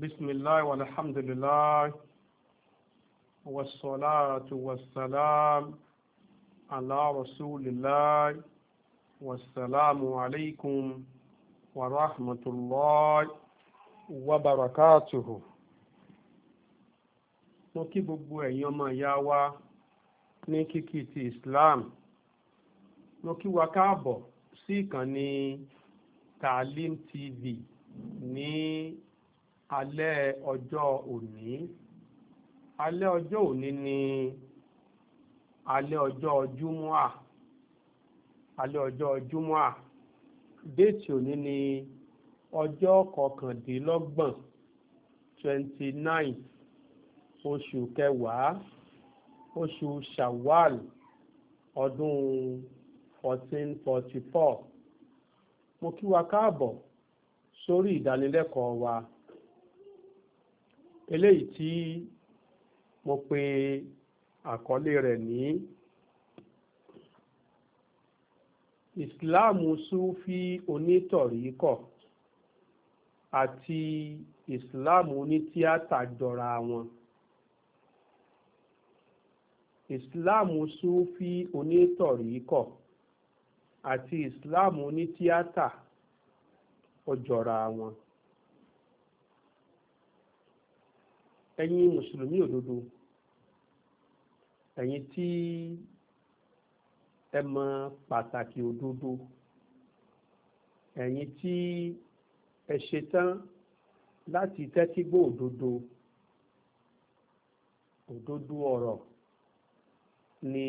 بسم الله والحمد لله والصلاة والسلام على رسول الله والسلام عليكم ورحمة الله وبركاته mo kí gbogbo ẹ̀yin ọmọ ìyá wa ní kíkí ti Islam mo kí wa káàbọ̀ sí ìkànnì Taalim TV ní alẹ́ ọjọ́ òní alẹ́ ọjọ́ òní ni alẹ́ ọjọ́ júmọ́à alẹ́ ọjọ́ júmọ́à déètì òní ni ọjọ́ kọkàndínlọ́gbọ̀n twenty nine oṣù kẹwàá oṣù shawal ọdún fourteen forty four mo kí wa káàbọ̀ sórí ìdánilẹ́kọ̀ọ́ wa eléyìí tí mo pe àkọlé rẹ̀ ní ìsìláàmù súfí onítọ̀ríkọ̀ àti ìsìláàmù onítíátà jọra wọn ìsìláàmù súfí onítọ̀ríkọ̀ àti ìsìláàmù onítíátà ó jọra wọn. ẹ̀yin mùsùlùmí òdodo ẹ̀yin tí ẹ mọ pàtàkì òdodo ẹ̀yin tí ẹ ṣetán láti tẹ́tí gbọ́ òdodo òdodo ọ̀rọ̀ ni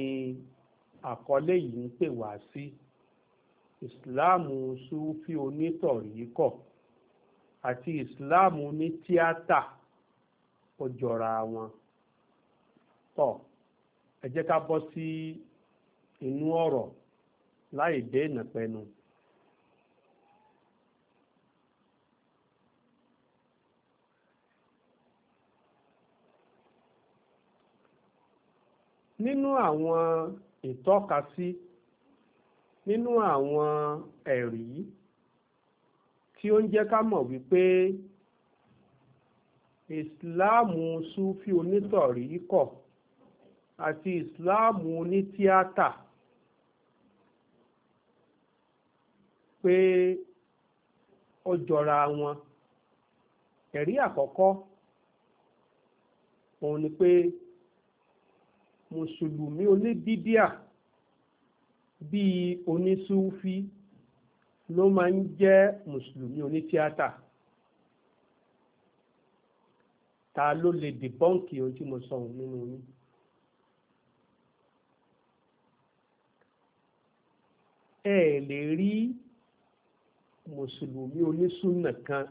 àkọlé yìí ń pè wá sí ìsìláàmù sùfí onítọ̀ríkọ̀ àti ìsìláàmù ní ó jọra wọn tọ́ ẹ jẹ́ ká bọ́ sí inú ọ̀rọ̀ láì dé ìnàpẹnu. nínú àwọn ìtọ́kasí nínú àwọn ẹ̀rí tí ó ń jẹ́ ká mọ̀ wípé ìsìláàmù sufi onítọ̀rí ikọ̀ àti ìsìláàmù onítíátà pé ó jọra wọn ẹ̀rí àkọ́kọ́ òun ni pé mùsùlùmí oníbídíà bíi onísúfí ló máa ń jẹ́ mùsùlùmí onítíátà. ta ló lè dìbọ́ǹkì ohun tí mo sọ ohun nínú yín. ẹ lè rí mùsùlùmí onísùnà kan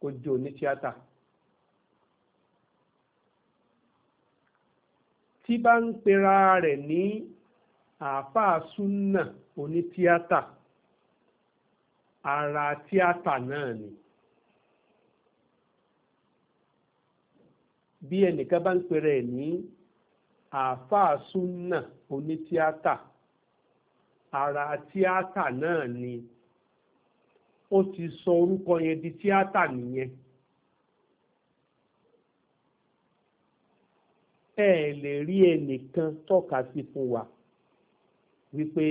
kó jẹ́ onítíátà. tí bá ń pera rẹ̀ ní àáfàá súnà onítíátà ara tíátà náà ni. bí ẹnìkan bá ń pèrè ẹ̀ ní àáfàá súnà onítíátà ara tíátà náà ni ó ti sọ orúkọ yẹn di tíátà nìyẹn. ẹ lè rí ẹnìkan tọ́ka sí fún wa wípé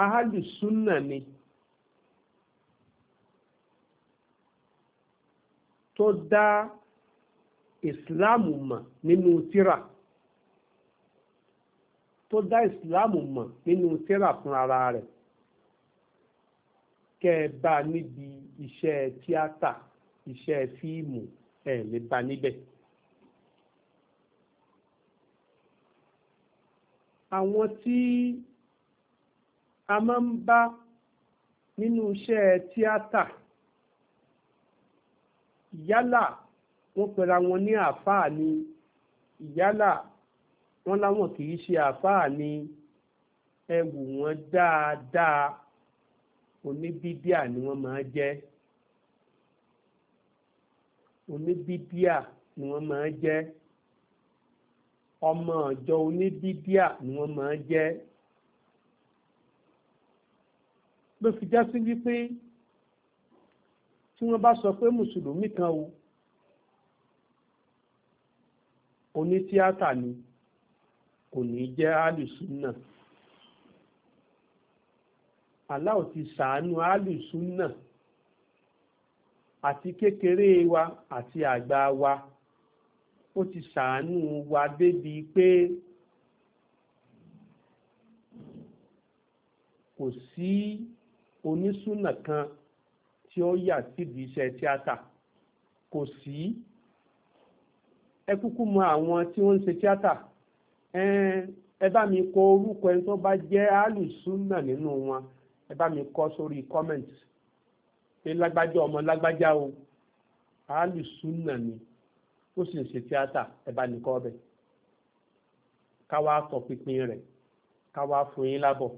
ahálù súnà ni tó dá ìsìláàmù mọ̀ nínú tírà tó dá ìsìláàmù mọ̀ nínú tírà fún ara rẹ̀ kẹ́ ẹ bá níbi iṣẹ́ tíátà iṣẹ́ fíìmù ẹ̀ lè bá níbẹ̀. àwọn tí a máa ń bá nínú iṣẹ́ tíátà yálà wọ́n pera wọn ní àáfàá ni ìyálà wọn láwọn kì í ṣe àáfàá ni ẹ wù wọ́n dáadáa oníbíbíà ni wọ́n máa jẹ́ oníbíbíà ni wọ́n máa jẹ́ ọmọ ọ̀jọ́ oníbíbíà ni wọ́n máa jẹ́ ló fi já sí wípé tí wọ́n bá sọ pé mùsùlùmí kan o. onítíátà ni kò ní jẹ́ alùsùnà aláwọ̀ ti ṣàánú alùsùnà àti kékeré wa àti àgbà wa ó ti ṣàánú wa débi pé kò sí onísùnà kan tí ó yà síbi iṣẹ́ tíátà kò sí. Si ẹ kúkú mọ àwọn tí wọ́n ń ṣe tíátà ẹ bá mi kọ orúkọ ẹni tó bá jẹ́ alùsùnà nínú wọn ẹ bá mi kọ sórí comment pé lágbájá ọmọ lágbájá o alùsùnà ni ó sì ń ṣe tíátà ẹ mi kọ ọbẹ̀ ká wá tọpinpin rẹ̀ ká fún yín lábọ̀.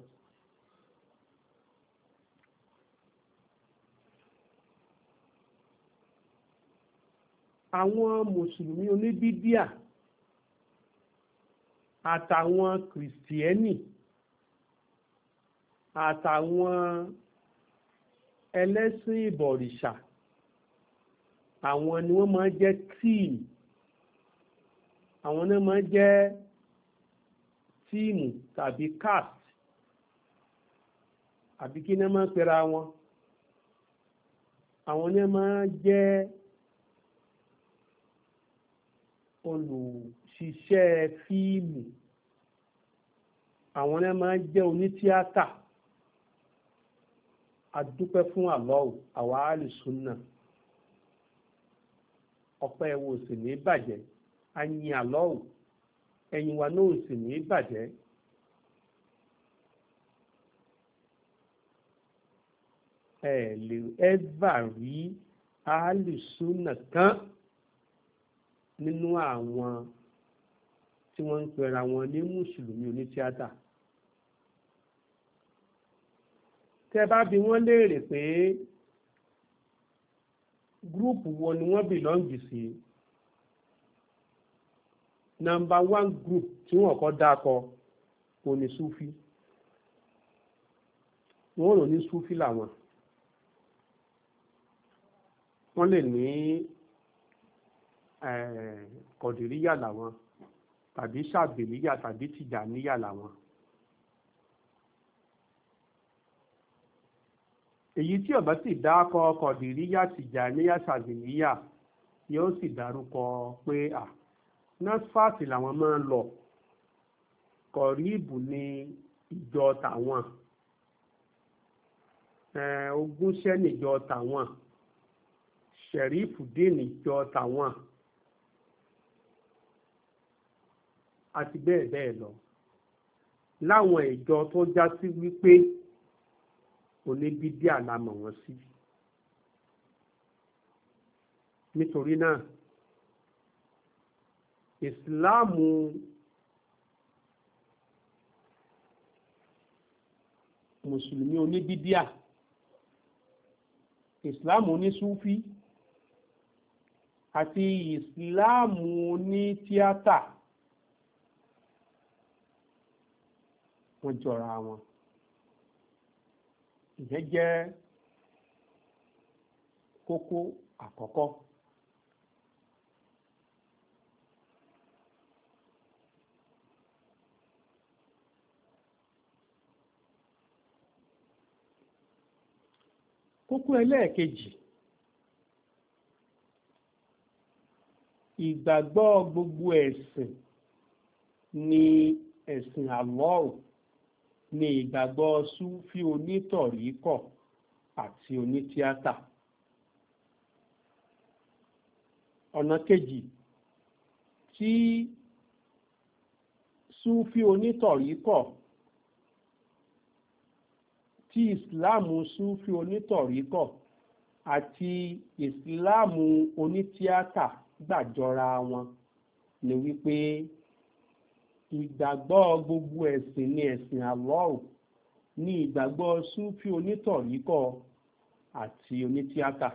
àwọn mùsùlùmí oníbídíà àtàwọn kìrìsìtẹ́nì àtàwọn ẹlẹ́sìn ìbọ̀rìṣà àwọn ni wọ́n máa jẹ́ tíìmù àwọn náà máa jẹ́ tíìmù tàbí cast àbí kí náà máa pera wọn àwọn náà máa jẹ́ olùṣiṣẹ́ fíìmù àwọn náà máa ń jẹ́ onítíátà adúpẹ́ fún àlọ́ọ̀ àwa àlùsùnà ọpẹ́ ẹ̀wò sì ní bàjẹ́ ayin àlọ́ọ̀ ẹ̀yìn wa náà sì ní bàjẹ́. ẹ lè ẹ́và rí àlùsùnà kan nínú àwọn tí wọ́n ń pera wọn ní mùsùlùmí onítíátà tẹ́ bá bi wọ́n léèrè pé gúrúùpù wo ni wọ́n bìlọ́ǹgì sí nàmbà wán gúrúùpù tí wọ́n kọ́ dákọ kò ní súfí wọ́n rò ní súfí làwọn wọ́n lè ní Eh, kọ̀dìríyà làwọn tàbí ṣàbẹ̀níyà tàbí tìjàníyà làwọn. èyí tí ọba sì dákọ kọ̀dìríyà tìjàníyà ṣàbẹ̀níyà yóò sì dárúkọ pé à nasfati làwọn máa ń lọ kọ̀ríìbù ni ìjọ tàwọn eh, ogúnṣẹ́ níjọ tàwọn ṣẹ̀rífù dín níjọ tàwọn. àti bẹ́ẹ̀ bẹ́ẹ̀ lọ láwọn ìjọ tó já sí wípé oníbídíà la mọ̀ wọ́n sí nítorí náà ìsìláàmù mùsùlùmí oníbídíà ìsìláàmù onísúfí àti ìsìláàmù onítíátà. wọ́n jọra wọn ìyẹn jẹ́ kókó àkọ́kọ́. kókó ẹlẹ́ẹ̀kejì ìgbàgbọ́ gbogbo ẹ̀sìn ni ẹ̀sìn Allah ni ìgbàgbọ́ súfí onítọ̀ríkọ̀ àti onítíátà. ọ̀nà kejì tí súfí onítọ̀ríkọ̀ tí ìsìláàmù súfí onítọ̀ríkọ̀ àti ìsìláàmù onítíátà gbàjọra wọn ni wípé ìgbàgbọ́ gbogbo ẹ̀sìn ni ẹ̀sìn Allah ní ìgbàgbọ́ súfì onítọ̀ríkọ àti onítíátà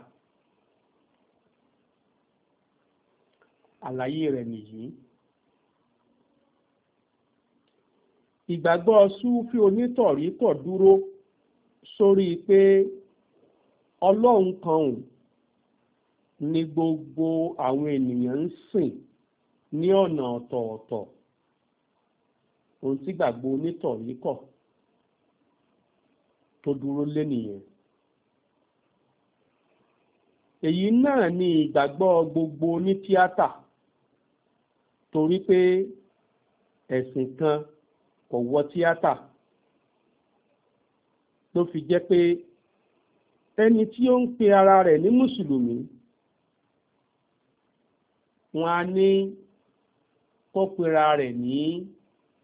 àlàyé rẹ̀ nìyí ìgbàgbọ́ súfì onítọ̀ríkọ dúró sórí pé ọlọ́run kan ò ni gbogbo àwọn ènìyàn ń sìn ní ọ̀nà ọ̀tọ̀ọ̀tọ̀. ohun tí gbàgbọ́ yìí kọ̀ tó dúró lé nìyẹn èyí náà ni ìgbàgbọ́ gbogbo tíátà torí pé ẹ̀sìn kan kò wọ tíátà ló fi jẹ́ pé ẹni tí ó ń pe ara rẹ̀ ní mùsùlùmí wọn á ní kó pera rẹ̀ ní. Ni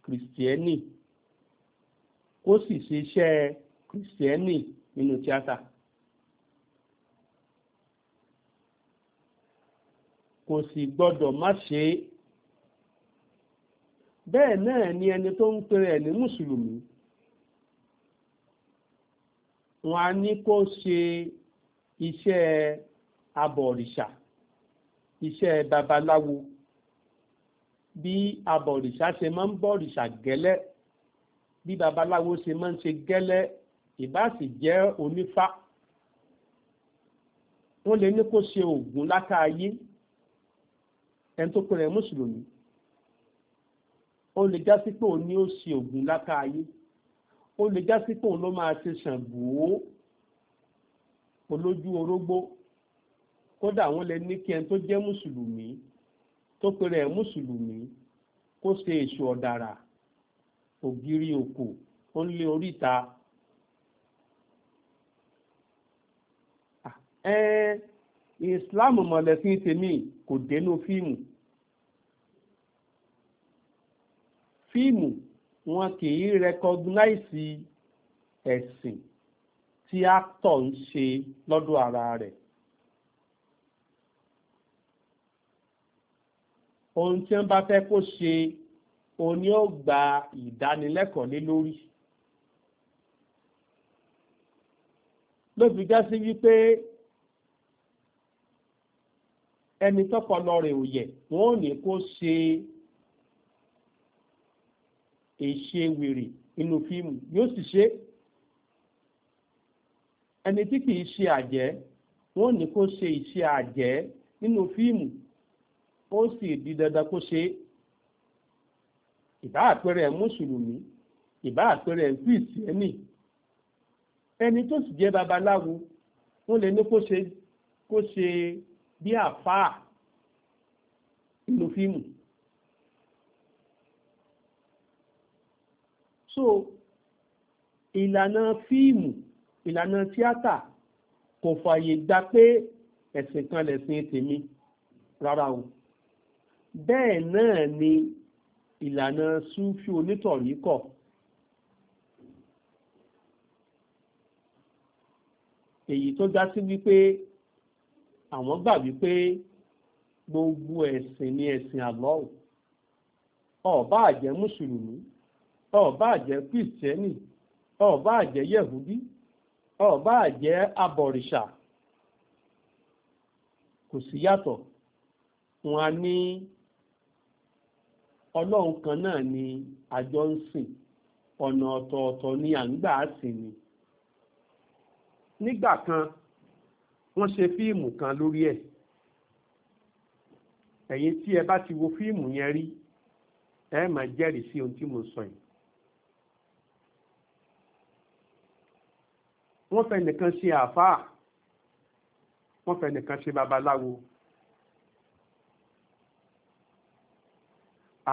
kìrìsìtẹ́nì kó sì ṣe iṣẹ́ kìrìsìtẹ́nì nínú tíátà. kò sì gbọ́dọ̀ má ṣe é bẹ́ẹ̀ náà ni ẹni tó ń pèrè ẹni ní mùsùlùmí wọn á ní kó ṣe iṣẹ́ abọ̀rìṣà iṣẹ́ babaláwo. bí abọ̀rìṣà ṣe máa ń bọ̀rìṣà gẹ́lẹ́ bí babaláwo ṣe máa ń ṣe gẹ́lẹ́ ìbá sì jẹ́ onífá wọ́n lè ní kó ṣe oògùn látàáyé ẹni tó pèrè mùsùlùmí ó lè já sí pé òun ni ó ṣe oògùn látàáyé ó lè já sí pé òun ló máa ṣe ṣàǹgbòó olójú orógbó kódà wọ́n lè ní kí ẹni tó jẹ́ mùsùlùmí tó pèrè ẹ̀ mùsùlùmí kó ṣe èṣù ọ̀dàrà ògiri òkò ó ń lé oríta. ìsìláàmù mọ̀lẹ́sìn tèmi kò dénú fíìmù fíìmù wọn kì í rẹkọgnáìsì ẹ̀sìn tí actor ń ṣe lọ́dọ̀ ara rẹ̀. ohun tí wọ́n bá fẹ́ kó ṣe òní ó gba ìdánilẹ́kọ̀ọ́ lé lórí. ló fi já sí wípé ẹni tọpọlọ rẹ̀ ò yẹ wọn ò ní kó ṣe èṣe wèrè inú fíìmù yóò sì ṣe ẹni tí kìí ṣe àjẹ́ wọn ò ní kó ṣe ìṣe àjẹ́ nínú fíìmù ó sì di dandan kó ṣe ìbá àpẹẹrẹ ẹ̀ mùsùlùmí ìbá àpẹẹrẹ ẹ̀ kìrìsìtẹ́nì ẹni tó sì jẹ́ babaláwo wọ́n lè ní kó ṣe kó ṣe bí àfáà nínú fíìmù. so ìlànà fíìmù ìlànà tíátà kò fààyè gba pé ẹ̀sìn kan lẹ̀sìn tèmi rárá o bẹ́ẹ̀ náà ni ìlànà súfì onítọ̀ríkọ̀ èyí tó já sí wípé àwọn gbà wípé gbogbo ẹ̀sìn ni ẹ̀sìn Allah ó bá jẹ́ mùsùlùmí ó bá jẹ́ kìrìsìtẹ́nì ó bá jẹ́ yẹ̀húdí abọ̀rìṣà kò sí yàtọ̀ wọn a ní. Ni ọlọ́run kan náà ni àjọ ń sìn ọ̀nà ọ̀tọ̀ọ̀tọ̀ ni à ń gbà á sì ni. nígbà kan wọ́n ṣe fíìmù kan lórí ẹ̀ ẹ̀yin tí ẹ bá ti wo fíìmù yẹn rí ẹ máa jẹ́rìí sí ohun tí mo sọ yìí. wọ́n fẹ́ nìkan ṣe àáfàá wọ́n fẹ́ nìkan ṣe babaláwo.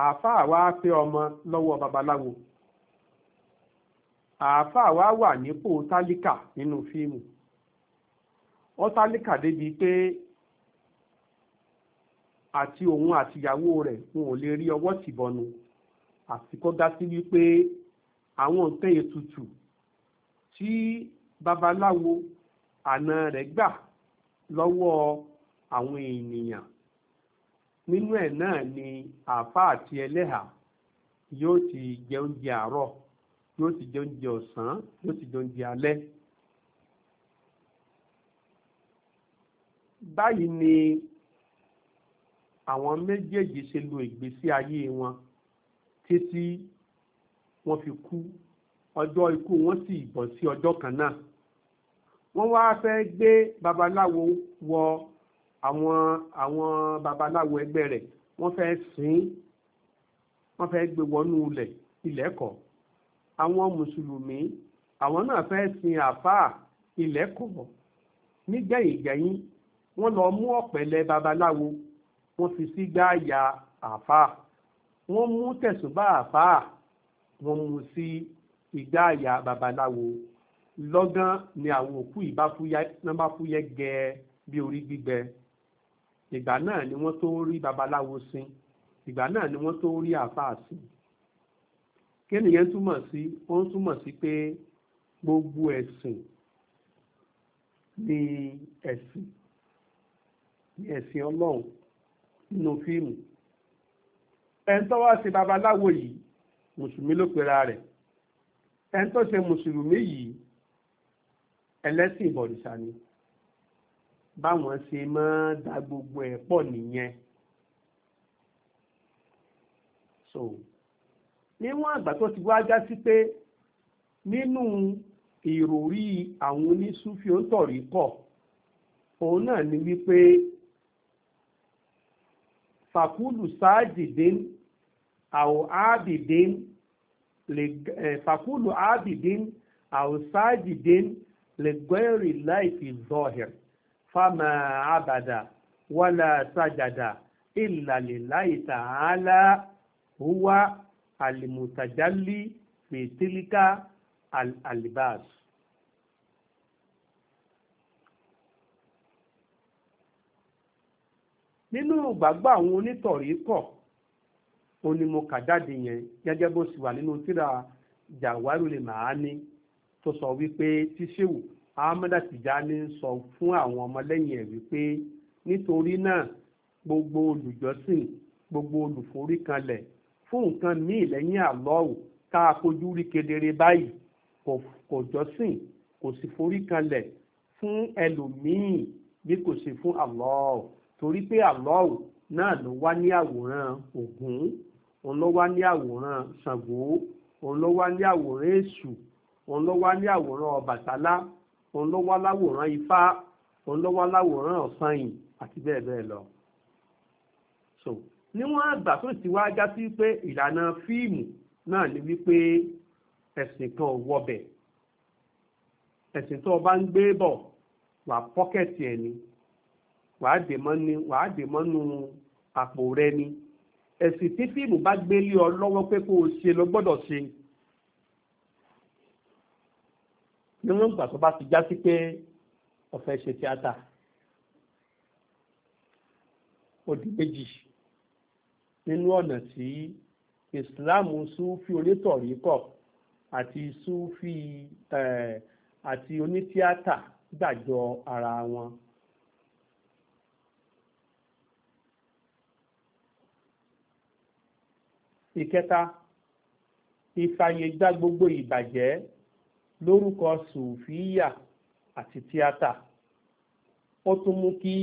àáfàá wa pé ọmọ lọ́wọ́ babaláwo àáfàá wa wà nípò tálíkà nínú fíìmù ó tálíkà débi pé àti òun àtìyàwó rẹ̀ wọn ò lè rí ọwọ́ tìbọnú àti kó dá sí wípé àwọn nǹkan ètùtù tí babaláwo àna rẹ̀ gbà lọ́wọ́ àwọn ènìyàn nínú ẹ̀ náà ni àáfàá àti ẹlẹ́hà yóò ti jẹ oúnjẹ àárọ̀ yóò ti jẹ oúnjẹ ọ̀sán yóò ti jẹ oúnjẹ alẹ́. báyìí ni àwọn méjèèjì ṣe lo ìgbésí ayé wọn títí wọ́n fi kú ọjọ́ ikú wọn sì bọ́ sí ọjọ́ kan náà wọ́n wá fẹ́ gbé babaláwo wọ àwọn àwọn babaláwo ẹgbẹ́ rẹ̀ wọ́n fẹ́ sìn wọ́n fẹ́ gbé wọnú ilẹ̀ ilẹ̀kọ̀ àwọn mùsùlùmí àwọn náà fẹ́ sìn àfáà ilẹ̀kọ̀ nígbẹ̀yìngbẹ̀yìn wọ́n lọ mú ọ̀pẹ̀lẹ̀ babaláwo wọ́n fi sí gbáàyà àfáà wọ́n mú tẹ̀sùbá àfáà wọ́n mú sí ìgbáàyà babaláwo lọ́gán ni àwọn òkú ìbá fúyẹ́ gẹ́ẹ́ bí orí gbígbẹ ìgbà náà ni wọ́n tó rí babaláwo sin ìgbà náà ni wọ́n tó rí àáfàá sin kí nìyẹn túmọ̀ sí ó túmọ̀ sí pé gbogbo ẹ̀sìn ni ẹ̀sìn ni ẹ̀sìn ọlọ́run nínú fíìmù ẹni tó wá ṣe babaláwo yìí mùsùlùmí ló pera rẹ̀ ẹni tó ṣe mùsùlùmí yìí ẹlẹ́sìn ìbọ̀rìṣà ni báwọn ṣe máa da gbogbo ẹ̀ pọ̀ nìyẹn. so níwọ̀n àgbà tó ti wá já sí pé nínú ìròrí àwọn onísúfì òǹtọ̀rí kọ̀ òun náà ni wípé fàkúlù sáàjìdín àwọ̀ ábìdín lè fàkúlù ábìdín àwọ̀ sáàjìdín lè gbẹ́rì láìfi zọ́hìrì fama abada wala sajada illa lillahi ta'ala huwa alimutajalli fi tilka alibas. Al nínú ìgbàgbọ́ àwọn onítọ̀rí kọ̀ òun ni mo kà jáde yẹn gẹ́gẹ́ bó sì wà nínú tírà Jawarul Maani tó sọ wípé tíṣéwù ahmed atijani sọ fún àwọn ọmọlẹ́yìn ẹ̀ wípé nítorí náà gbogbo olùjọ́sìn gbogbo olùforíkanlẹ̀ fún nǹkan míì lẹ́yìn àlọ́ọ̀ tá a fojú rí kedere báyìí kò jọ́sìn kò sì foríkanlẹ̀ fún ẹlòmíì bí kò sì fún àlọ́ọ̀ torí pé àlọ́ọ̀ náà ló wá ní àwòrán Ògún òun ló wá ní àwòrán Ṣàngó òun ló wá ní àwòrán Èṣù òun ló wá ní àwòrán Ọbàtálá òun ló wá láwòrán ifá òun ló wá láwòrán ọ̀sanyìn àti bẹ́ẹ̀ bẹ́ẹ̀ lọ. so níwọ̀n àgbà tó ti wá já sí pé ìlànà fíìmù náà ni wípé ẹ̀sìn kan ò wọbẹ̀ ẹ̀sìn tó o bá ń gbé bọ̀ wà pọ́kẹ̀tì ẹ̀ ni wàá dè mọ́nu wàá dè mọ́nu àpò rẹ ni ẹ̀sìn tí fíìmù bá gbélé ọ lọ́wọ́ pé kó o ṣe lọ gbọ́dọ̀ ṣe. nínú ìgbà tó bá ti já sí pé ó fẹ́ ṣe tíátà ó di méjì nínú ọ̀nà tí ìsìláàmù súfì onítọ̀ríkọ̀ àti súfì àti onítíátà gbàjọ ara wọn. ìkẹta ìfàyègbà gbogbo ìbàjẹ́ lórúkọ sùfíyà àti tíátà ó tún mú kí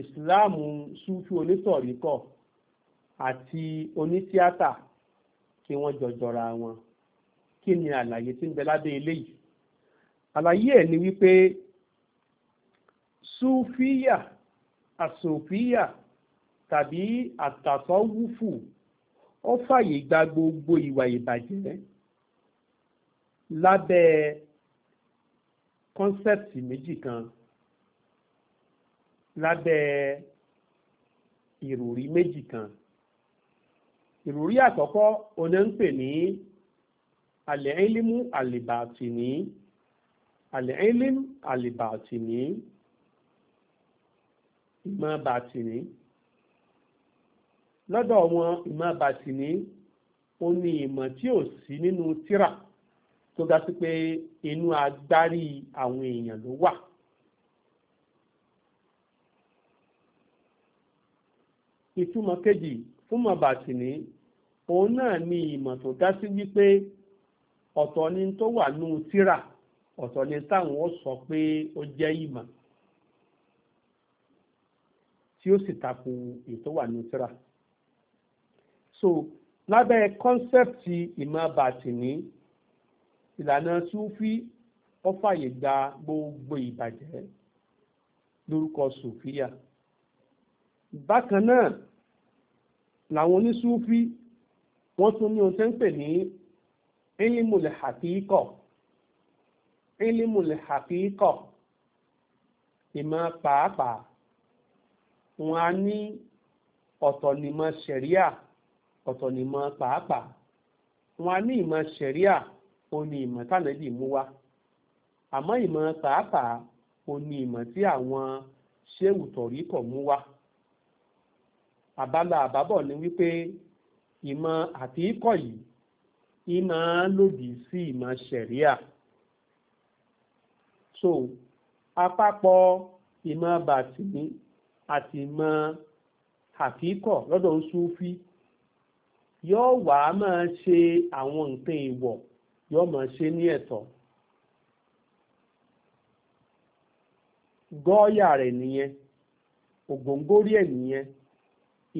ìsìláàmù súfì onítọ̀ríkọ̀ àti onítíátà kí wọ́n jọjọra wọn kí ni àlàyé tí ń bẹ lábẹ́ eléyìí àlàyé ẹ̀ ni wípé súfíyà àsòfíyà tàbí àtàsọ́wúfù ó fàyè gba gbogbo ìwà ìbàjẹ́ lábẹ́ kọ́nsẹ́pìtì méjì kan lábẹ́ ìròrí méjì kan ìròrí àkọ́kọ́ oní ń pè ní àlẹ́ẹ́límù àlìbàtìní àlẹ́ẹ́límù àlìbàtìní ìmọ̀ bàtìní lọ́dọ̀ wọn ìmọ̀ bàtìní ó ní ìmọ̀ tí ò sí nínú tírà. tó ga sí pé inú agbárí àwọn èèyàn ló wà. ìtumọ̀ kejì fún mọ̀bàtì ní òun náà ní ìmọ̀ tó dá sí wípé ọ̀tọ̀ ni tó wà nù tírà ọ̀tọ̀ ni táwọn ó sọ pé ó jẹ́ ìmọ̀ tí ó sì tako ètò wà nù tírà. so lábẹ́ kọ́nsẹ́pìtì ìmọ̀ bàtì ní ìlànà súfí ó fàyè gba gbogbo ìbàjẹ́ lórúkọ sùfíà bákan náà làwọn onísúfí wọ́n tún ní ohun tẹ́ ń pè ní ilimule hakiko ilimule hakiko ìmọ̀ pàápàá wọn á ní ọ̀tọ̀ nímọ̀ sẹ̀ríà ọ̀tọ̀ nímọ̀ pàápàá wọn á ní ìmọ̀ sẹ̀ríà Oni ní ìmọ̀ tánàbì mú wá àmọ́ ìmọ̀ pàápàá ó ní ìmọ̀ tí àwọn ṣéwù tọ̀rí kọ̀ mú wá àbálà àbábọ̀ ni wípé ìmọ̀ àtìkọ̀ yìí ìmọ̀ lòdì sí ìmọ̀ ṣẹ̀ríà so àpapọ̀ ìmọ̀ bàtìní àti ìmọ̀ àkíkọ̀ lọ́dọ̀ Súfí yóò wá máa ṣe àwọn nǹkan ìwọ̀ yóò máa ṣe ní ẹ̀tọ́ gọ́ọ̀yà rẹ̀ nìyẹn ògóńgórí ẹ̀ nìyẹn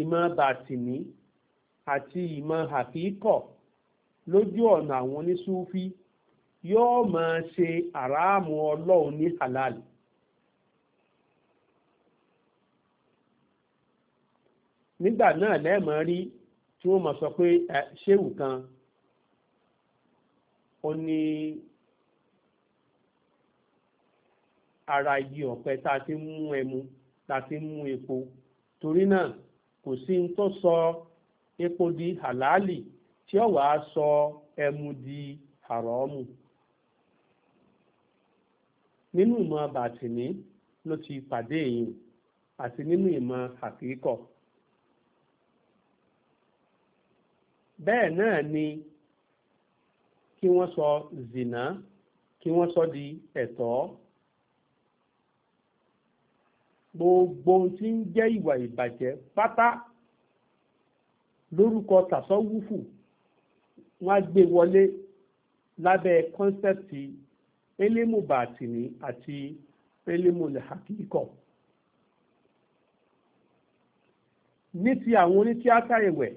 ìmọ̀ bàtìní àti ìmọ̀ àfíkọ̀ lójú ọ̀nà àwọn oníṣúfí yóò máa ṣe àràámù ọlọ́run ní halal. nígbà náà lẹ́ẹ̀mọ́ rí tí wọ́n mọ̀ sọ pé ṣéwù kan oni ní ara igi ọ̀pẹ tá a ti ń mú ẹmu tá a ti ń mú epo torí náà kò sí ní tó sọ epo di hàlálì tí ó wàá sọ ẹmu di hàrọ́ọ̀mù nínú ìmọ̀ bàtìní ló ti pàdé èyí àti nínú ìmọ̀ àkíkọ̀ Bẹ́ẹ̀ náà ni kí wọ́n sọ zìnà kí wọ́n sọ di ẹ̀tọ́ gbogbo ohun tí ń jẹ́ ìwà ìbàjẹ́ pátá lórúkọ tàsọ́wúfù wọ́n á gbé wọlé lábẹ́ kọ́nsẹ́pì elimu bàtìní àti elimu lẹ́hàkìkọ̀. ní ti àwọn onítíátà ẹ̀wẹ̀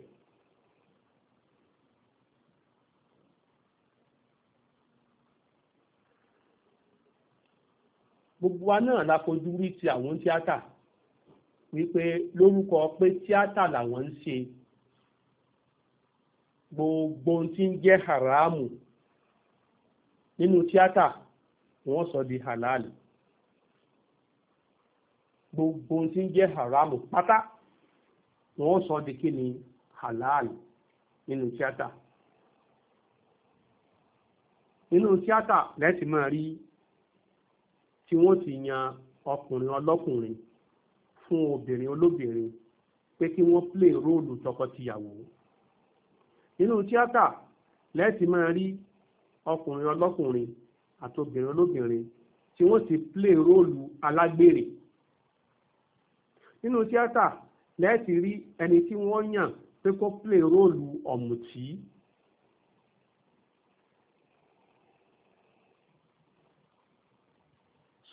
gbogbo wa náà la fojú rí ti àwọn tíátà wípé lórúkọ pé tíátà làwọn ń ṣe gbogbo ohun tí ń jẹ́ haramu nínú tíátà wọ́n sọ di halali gbogbo ohun tí ń jẹ́ haramu pátá wọ́n sọ di kí ni halali nínú tíátà nínú tíátà lẹ́sìn máa rí tí wọ́n ti yan ọkùnrin ọlọ́kùnrin fún obìnrin olóbìnrin pé kí wọ́n play róòlù tọkọtìyàwó nínú tíátà lẹ́ẹ̀tì máa rí ọkùnrin ọlọ́kùnrin àti obìnrin olóbìnrin tí wọ́n ti play róòlù alágbèrè nínú tíátà lẹ́ẹ̀tì rí ẹni tí wọ́n yàn pé kó play róòlù ọ̀mùtí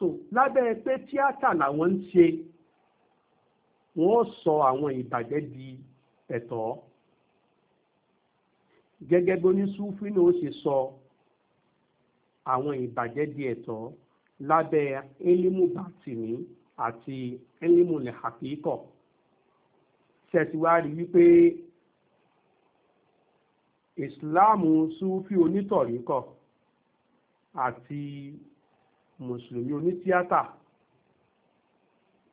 so lábẹ́ pé tíátà làwọn ń ṣe wọ́n sọ àwọn ìbàjẹ́ di ẹ̀tọ́ gẹ́gẹ́ bí oníṣúfì náà ṣe sọ àwọn ìbàjẹ́ di ẹ̀tọ́ lábẹ́ elimu batini àti elimu lehakiko tẹ̀síwárí wípé ìsìláàmù súfì onítọ̀ríkọ̀ àti mùsùlùmí onítíátà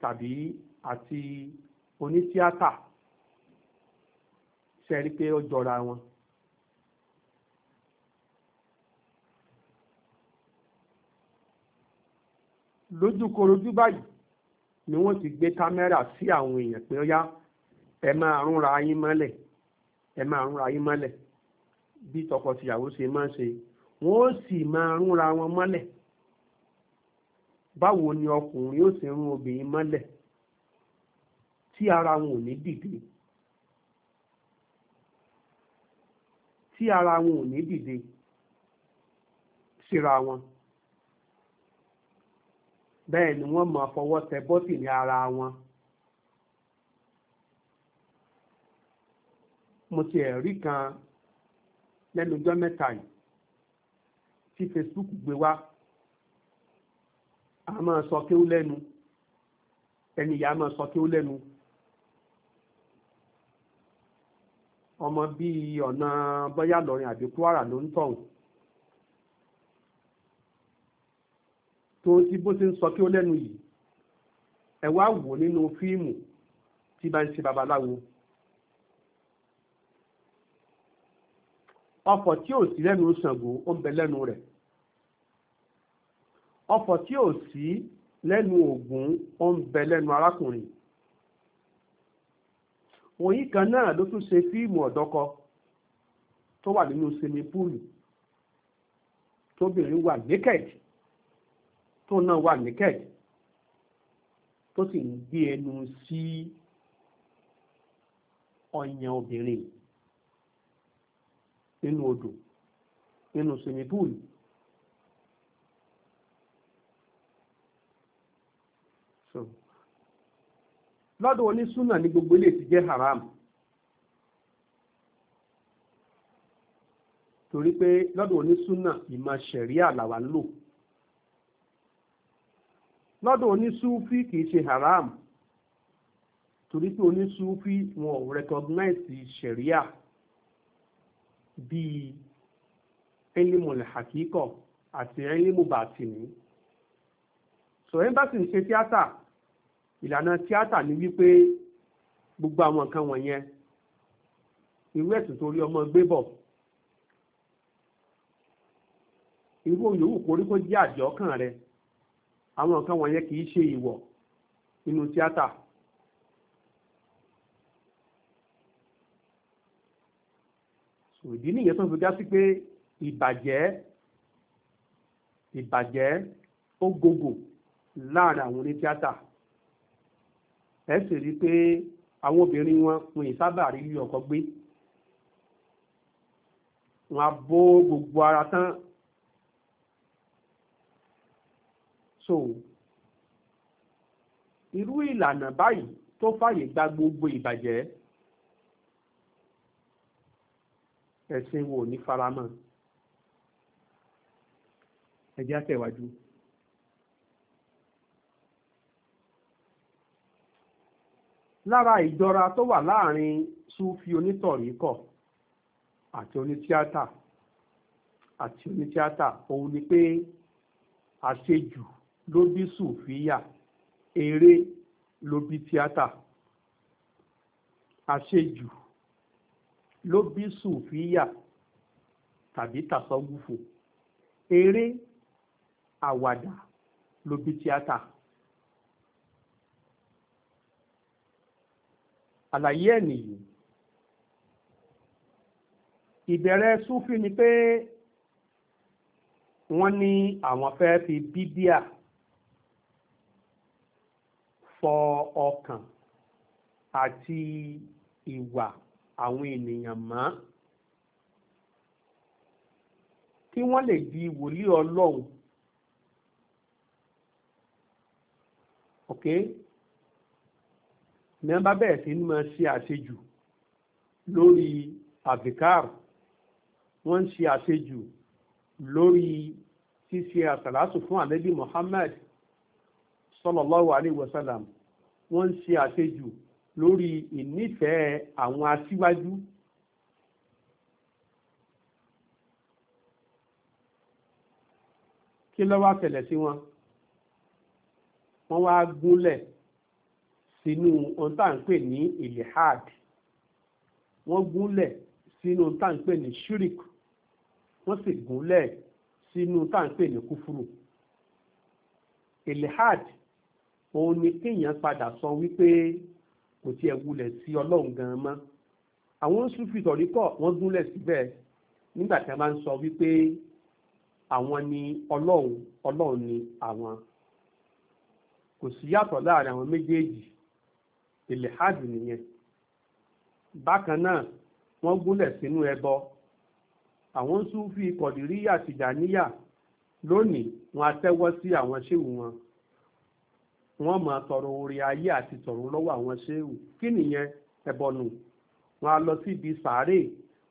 tàbí àti onítíátà ṣe rí pé ó jọra wọn. lójúkorojú báyìí ni wọ́n ti gbé kámẹ́rà sí àwọn èèyàn pé ó yá ẹ máa rúnra yín mọ́lẹ̀ ẹ máa rúnra yín mọ́lẹ̀ bí tọkọtìyàwó ṣe máa ń ṣe wọ́n sì máa rúnra wọn mọ́lẹ̀ báwo ni ọkùnrin ó ṣe rún obìnrin mọ́lẹ̀ tí ara wọn ò ní dìde tí ara wọn ò ní dìde síra wọn bẹ́ẹ̀ ni wọ́n máa fọwọ́ tẹ bọ́tì ara wọn. mo ti ẹ̀rí kan lẹ́nu ọjọ́ mẹ́ta yìí tí Facebook gbé wá a máa sọ kí ó lẹ́nu ẹni ìyá máa sọ kí ó lẹ́nu ọmọ bíi ọ̀nà bọ́yá lọ́rin àbí Kwara ló ń tọ̀hún tó ti bó ti ń sọ kí ó lẹ́nu yìí ẹ wá nínú fíìmù tí bá ń ṣe babaláwo ọkọ̀ tí ò sí lẹ́nu Ṣàngó ó ń bẹ lẹ́nu rẹ̀ ọfọ̀ tí ò sí lẹ́nu ògún ó ń bẹ lẹ́nu arákùnrin òyìn kan náà ló tún ṣe fíìmù ọ̀dọ́kọ tó wà nínú sinmi púùlù tóbìnrin wà naked tó náà wà naked tó sì ń gbé ẹnu sí ọyàn obìnrin nínú odò nínú sinmi púùlù. lọ́dọ̀ onísúnà ní gbogbo ilé ti jẹ́ haram torí pé lọ́dọ̀ onísúnà ìmọ̀ ṣẹ̀ríà làwa ń lò lọ́dọ̀ onísúfí kìí ṣe haram torí pé onísúfí wọn ò rẹkọgnáìsì ṣẹ̀ríà bíi ẹlẹ́mù lẹ́hàkíkọ̀ àti ẹlẹ́mù bàtìní so ẹ́mbásì ń ṣe tíátà ìlànà tíátà ni wípé gbogbo àwọn nǹkan wọ̀nyẹn irú ẹ̀sùn tó rí ọmọ gbé bọ̀ irú yòówù kórí kó jẹ́ àjọ kan rẹ àwọn nǹkan wọ̀nyẹn kì í ṣe ìwọ̀ nínú tíátà. ìdí nìyẹn tó fi dá sí pé ìbàjẹ́ ìbàjẹ́ ó gògò láàrin àwọn oní ẹ sì rí i pé àwọn obìnrin wọn pin ìsábà rí ọkọ gbé wọn á bó gbogbo ara tán so irú ìlànà báyìí tó fàyè gba gbogbo ìbàjẹ́ ẹ̀sìn wo ní faramọ́ ẹ̀jẹ̀ àtẹ̀wájú. lára ìjọra tó wà láàrin sufi onítọ̀ríkọ̀ àti onítíátà àti onítíátà òun ni pé àṣejù ló bí sùfíyà eré ló bí tíátà àṣejù ló bí sùfíyà tàbí tàṣọ́gùfò eré àwàdà ló bí tíátà. àlàyé ẹ̀ nìyí ìbẹ̀rẹ̀ súfì ni pé wọ́n ní àwọn fẹ́ fi bídíà fọ ọkàn àti ìwà àwọn ènìyàn mọ́ kí wọ́n lè di wòlíì ọlọ́run ok ní wọn bá bẹ̀rẹ̀ sí ní máa ṣe àṣejù lórí àbíkár wọ́n ń ṣe àṣejù lórí ṣíṣe àṣàlásù fún ànábì Muhammad sallallahu alayhi wa sallam wọ́n ń ṣe àṣejù lórí ìnífẹ̀ẹ́ àwọn aṣíwájú. kí ló wá tẹ̀lẹ̀ sí wọn wọ́n wá gúnlẹ̀ sínú ohun tá à ń pè ní ilihad wọ́n gúnlẹ̀ sínú ohun tá à ń pè ní shirik wọ́n sì gúnlẹ̀ sínú tá à ń pè ní kúfúrù ilihad òun ni kéèyàn padà sọ wípé kò tiẹ̀ wulẹ̀ sí ọlọ́run gan mọ́ àwọn sufi tọ̀ríkọ̀ wọ́n gúnlẹ̀ síbẹ̀ nígbà tí a máa ń sọ wípé àwọn ni ọlọ́run ọlọ́run ni àwọn kò sí yàtọ̀ láàrin àwọn méjèèjì ilhad nìyẹn bákan náà wọ́n gúnlẹ̀ sínú ẹbọ àwọn tún Súfì Kọ̀dìríyà Tìjàníyà lónìí wọn á sí àwọn ṣéwù wọn wọ́n máa tọrọ orí ayé àti tọrọ lọ́wọ́ àwọn ṣéwù kí nìyẹn ẹbọ nù wọn á lọ síbi sàárè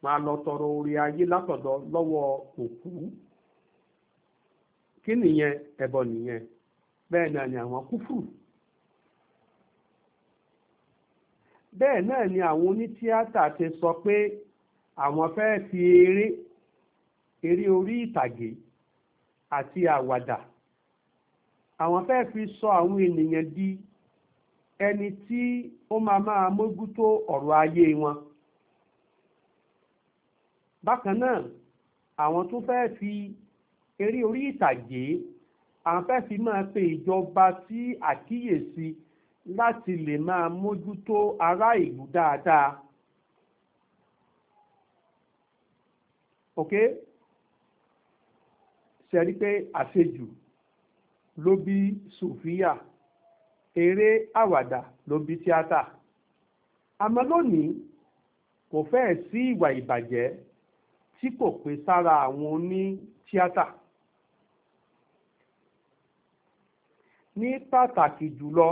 wọ́n á lọ tọrọ orí ayé látọ̀dọ̀ lọ́wọ́ òkú kí nìyẹn ẹbọ nìyẹn bẹ́ẹ̀ náà ni àwọn kúfù bẹ́ẹ̀ náà ni àwọn onítíátà ti sọ pé àwọn fẹ́ fi eré eré orí ìtàgé àti àwàdà àwọn fẹ́ fi sọ àwọn ènìyàn di ẹni tí ó máa máa mójútó ọ̀rọ̀ ayé wọn bákan náà àwọn tó fẹ́ fi eré orí ìtàgé àwọn fẹ́ fi máa pe ìjọba sí àkíyèsí si láti lè máa mójútó ará ìlú dáadáa. ok ṣẹ̀rí pé àṣejù ló bí sofia eré àwàdà ló bí tíátà àmọ́ lónìí kò fẹ́ẹ̀ sí ìwà ìbàjẹ́ tí kò pé sára àwọn oní tíátà ní pàtàkì jùlọ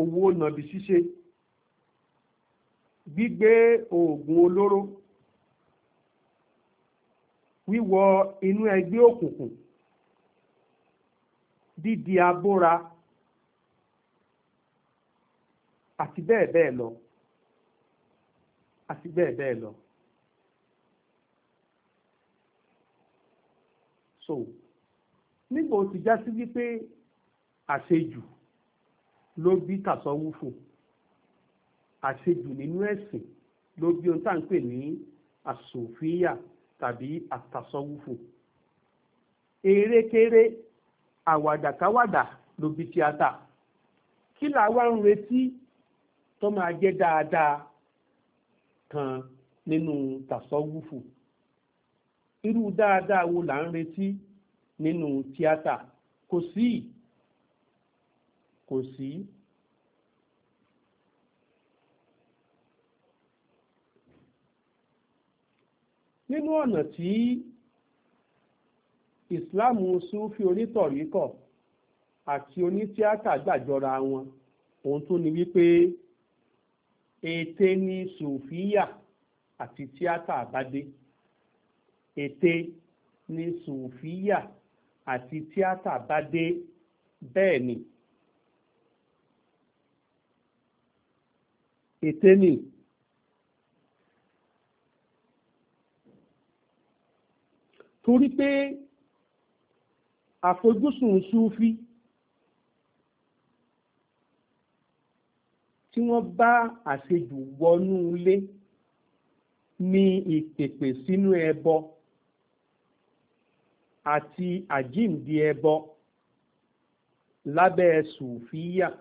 owó nàbì ṣíṣe gbígbé oògùn olóró wíwọ inú ẹgbẹ́ òkùnkùn dídi abóra àti bẹ́ẹ̀ bẹ́ẹ̀ lọ àti bẹ́ẹ̀ bẹ́ẹ̀ lọ. so níbo ti já sí wípé àṣejù ló bí tàsọ́wúfù àṣejù nínú ẹ̀sìn ló bí ohun tá à ń pè ní àsòfíà tàbí àtàsọ́wúfù erékeré àwàdàkáwàdà ló bí tíátà kí làwa ń retí tó máa jẹ́ dáadáa kan nínú tàsọ́wúfù irú dáadáa wo là ń retí nínú tíátà kò sí kò sí nínú ọ̀nà tí ìsìláàmù súfì onítọ̀ríkọ̀ àti onítíátà gbàjọra wọn ohun tó ní wípé ète ni sùfíyà àti tíátà àbádé ète ni sùfíyà àti tíátà àbádé bẹ́ẹ̀ ni. ète nì torí pé àfojúsùn súfí tí wọ́n bá àṣejù wọnú ilé ní ìpèpè sínú ẹbọ àti àjíǹde ẹbọ lábẹ́ sùfíyà. So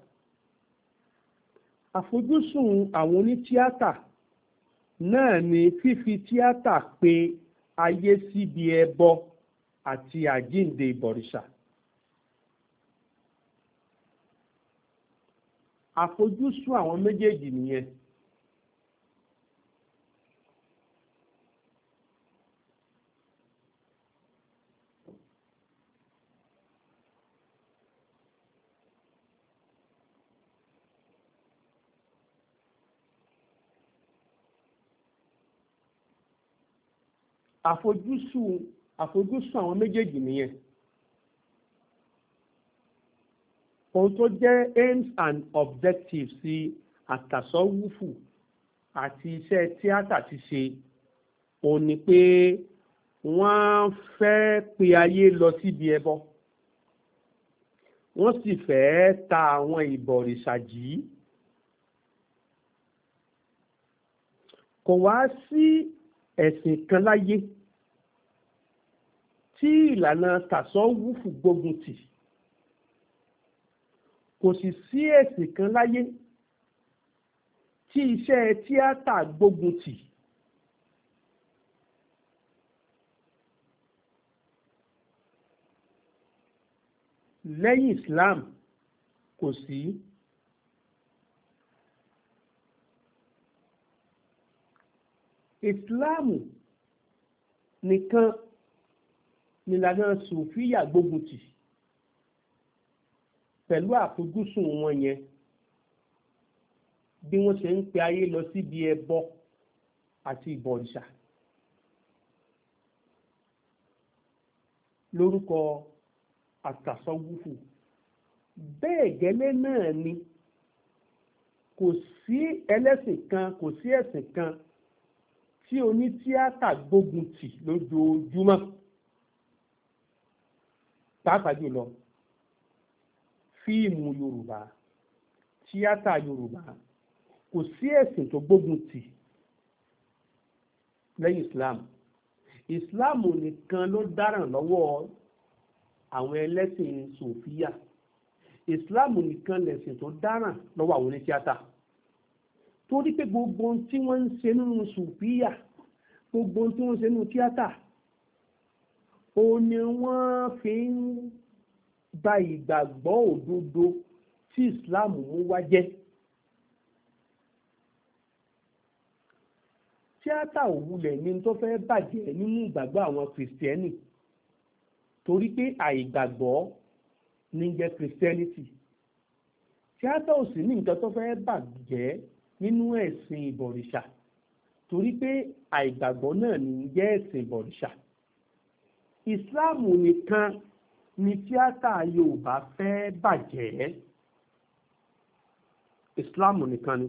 àfojúsùn àwọn onítíátà náà ni fífi tíátà pé ayé síbi ẹbọ àti àjíǹde ìbọ̀rìṣà. àfojúsùn àwọn méjèèjì nìyẹn. àfojúsùn àfojúsùn àwọn méjèèjì nìyẹn ohun tó jẹ́ aims and objectives ti àtàsọ́wúfù àti iṣẹ́ tíátà ti ṣe òun ni pé wọ́n fẹ́ pe ayé lọ síbi ẹbọ wọ́n sì fẹ́ ta àwọn ìbọ̀rìṣà jì kò wá sí ẹ̀sìn kan láyé tí ìlànà tàṣọ wúfù gbógun tì kò sì sí ẹ̀sìn kan láyé tí iṣẹ́ tíátà gbógun tì. lẹ́yìn Islam kò sí. Si ìsìláàmù nìkan nílànà sòfíà gbógun tì pẹ̀lú àfojúsùn wọn yẹn bí wọ́n ṣe ń pe ayé lọ síbi ẹbọ àti ìbọ̀rìṣà lórúkọ àtàsọ́wúfù bẹ́ẹ̀ gẹ́lẹ́ náà ni kò sí ẹlẹ́sìn kan kò sí ẹ̀sìn kan tí onítíátà gbógun tì lójoojúmọ́ pàápàá jùlọ fíìmù yorùbá tíátà yorùbá kò sí ẹ̀sìn tó gbógun tì lẹ́yìn islam islam nìkan ló dáràn lọ́wọ́ àwọn ẹlẹ́sìn sòfíà islam nìkan lẹ̀sìn tó dáràn lọ́wọ́ àwọn onítíátà torí pé gbogbo ohun tí wọ́n ń ṣe nínú sùpíyà gbogbo ohun tí wọ́n ń ṣe nínú tíátà òun ni wọ́n fi ń ba ìgbàgbọ́ òdodo tí Islam mú wá jẹ́. tíátà òwúlẹ̀ ni tó fẹ́ bàjẹ́ nínú ìgbàgbọ́ àwọn kìrìsìtẹ́nì torí pé àìgbàgbọ́ ní jẹ́ kìrìsìtẹ́nìtì tíátà ò sí ní nǹkan tó fẹ́ bàjẹ́ nínú ẹ̀sìn ìbọ̀rìṣà torí pé àìgbàgbọ́ náà ní jẹ́ ẹ̀sìn ìbọ̀rìṣà ìsìláàmù nìkan ni tíátà Yorùbá fẹ́ bàjẹ́ ìsìláàmù nìkan ni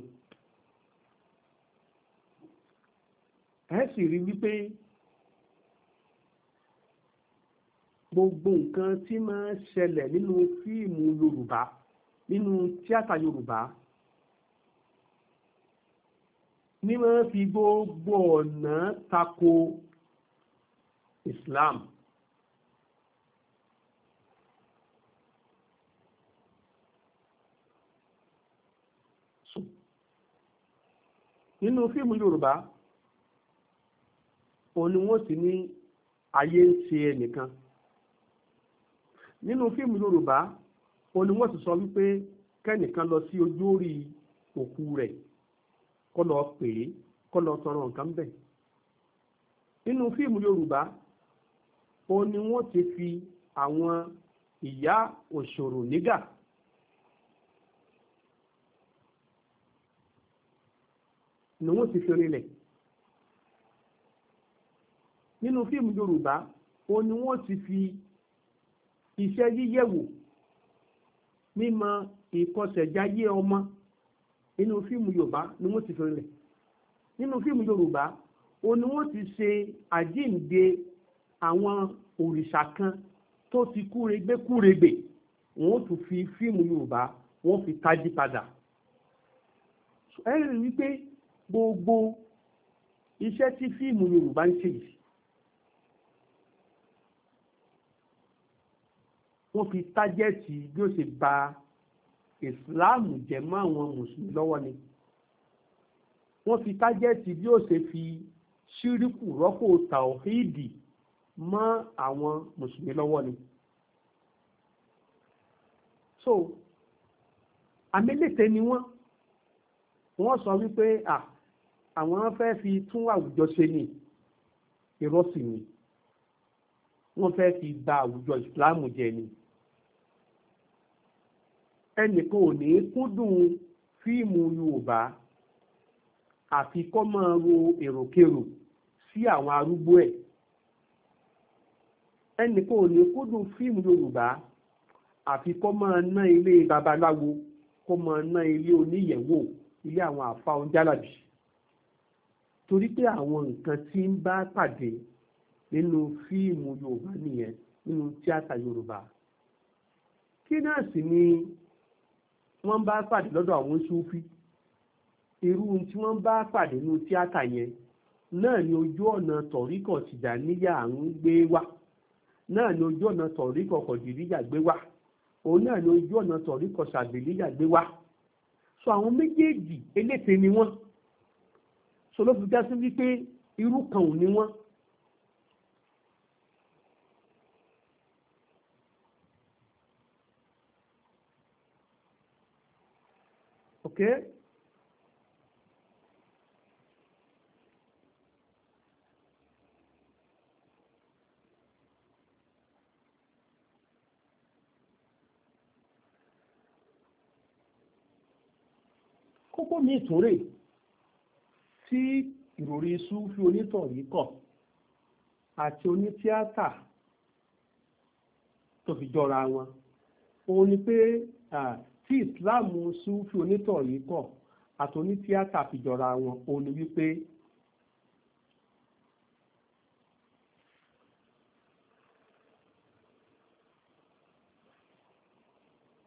ẹ sì rí wípé gbogbo nǹkan tí máa ń ṣẹlẹ̀ nínú fíìmù Yorùbá nínú tíátà Yorùbá ní máa fi gbogbo ọ̀nà tako Islam nínú fíìmù Yorùbá òun ni wọ́n sì ní ayé ń ṣe ẹnìkan nínú fíìmù Yorùbá òun ni wọ́n sì sọ wípé kẹ́nìkan lọ sí ojú orí òkú rẹ̀ kó lọ pè é kó lọ tọrọ nǹkan bẹ̀. nínú fíìmù yorùbá òun ni wọ́n ti fi àwọn ìyá òṣòro nígà ni wọ́n ti fi rinlẹ̀ nínú fíìmù yorùbá òun ni wọ́n ti fi iṣẹ́ yíyẹ̀wò mímọ ìkọsẹ̀jáyé ọmọ inú fíìmù yorùbá ni wọ́n ti fẹ́rẹ̀ nínú fíìmù yorùbá o ni wọ́n ti ṣe àjíǹde àwọn òrìṣà kan tó ti kúregbé kúregbè wọ́n tún fi fíìmù yorùbá wọ́n fi tají padà ẹ rí wípé gbogbo iṣẹ́ tí fíìmù yorùbá ń ṣe yìí wọ́n fi tájẹ́ẹ̀tì bí ó ṣe ba islam jẹ mọ́ àwọn mùsùlùmí lọ́wọ́ ni wọ́n fi tájẹ́ẹ̀tì bí ó ṣe fi ṣíríkù rọ́pò tàwíìdì mọ́ àwọn mùsùlùmí lọ́wọ́ ni. so amélètè ni wọ́n wọ́n sọ wípé àwọn fẹ́ fi tún àwùjọ ṣe ni irọ́ sì ni wọ́n fẹ́ fi bà àwùjọ ìsìláàmù jẹ́ ni. So, ẹnìkan ò ní kúndùn fíìmù yorùbá àfi kọ́ máa ro èròkèrò sí àwọn arúgbó ẹ̀ ẹnìkan ò ní kúndùn fíìmù yorùbá àfi kọ́ máa ná ilé babaláwo kọ́ máa ná ilé oníyẹ̀wò ilé àwọn àfa oúnjálàbí torí pé àwọn nǹkan tí ń bá pàdé nínú fíìmù yorùbá nìyẹn nínú tíátà yorùbá kí náà sì ni. wọ́n bá pàdé lọ́dọ̀ àwọn Súfí irú tí wọ́n bá pàdé nínú tíátà yẹn náà ni ojú ọ̀nà tọ̀ríkọ̀ tìjàníyà ń gbé wá náà ni ojú ọ̀nà tọ̀ríkọ̀ kọ̀dìríyà gbé wá òun náà ni ojú ọ̀nà tọ̀ríkọ̀ sàbẹ̀líyà gbé wá so àwọn méjèèjì eléte ni wọ́n so ló fi já wípé irú kan ò ní wọ́n okay kókó mi ìtòrè tí ìròrí súfì onítọ̀rí kọ̀ àti onítíátà tó fi jọra wọn òun ni pé tí ìsìláàmù súfì onítọ̀rí kọ̀ àtònítíátà fìjọra wọn òun ni wípé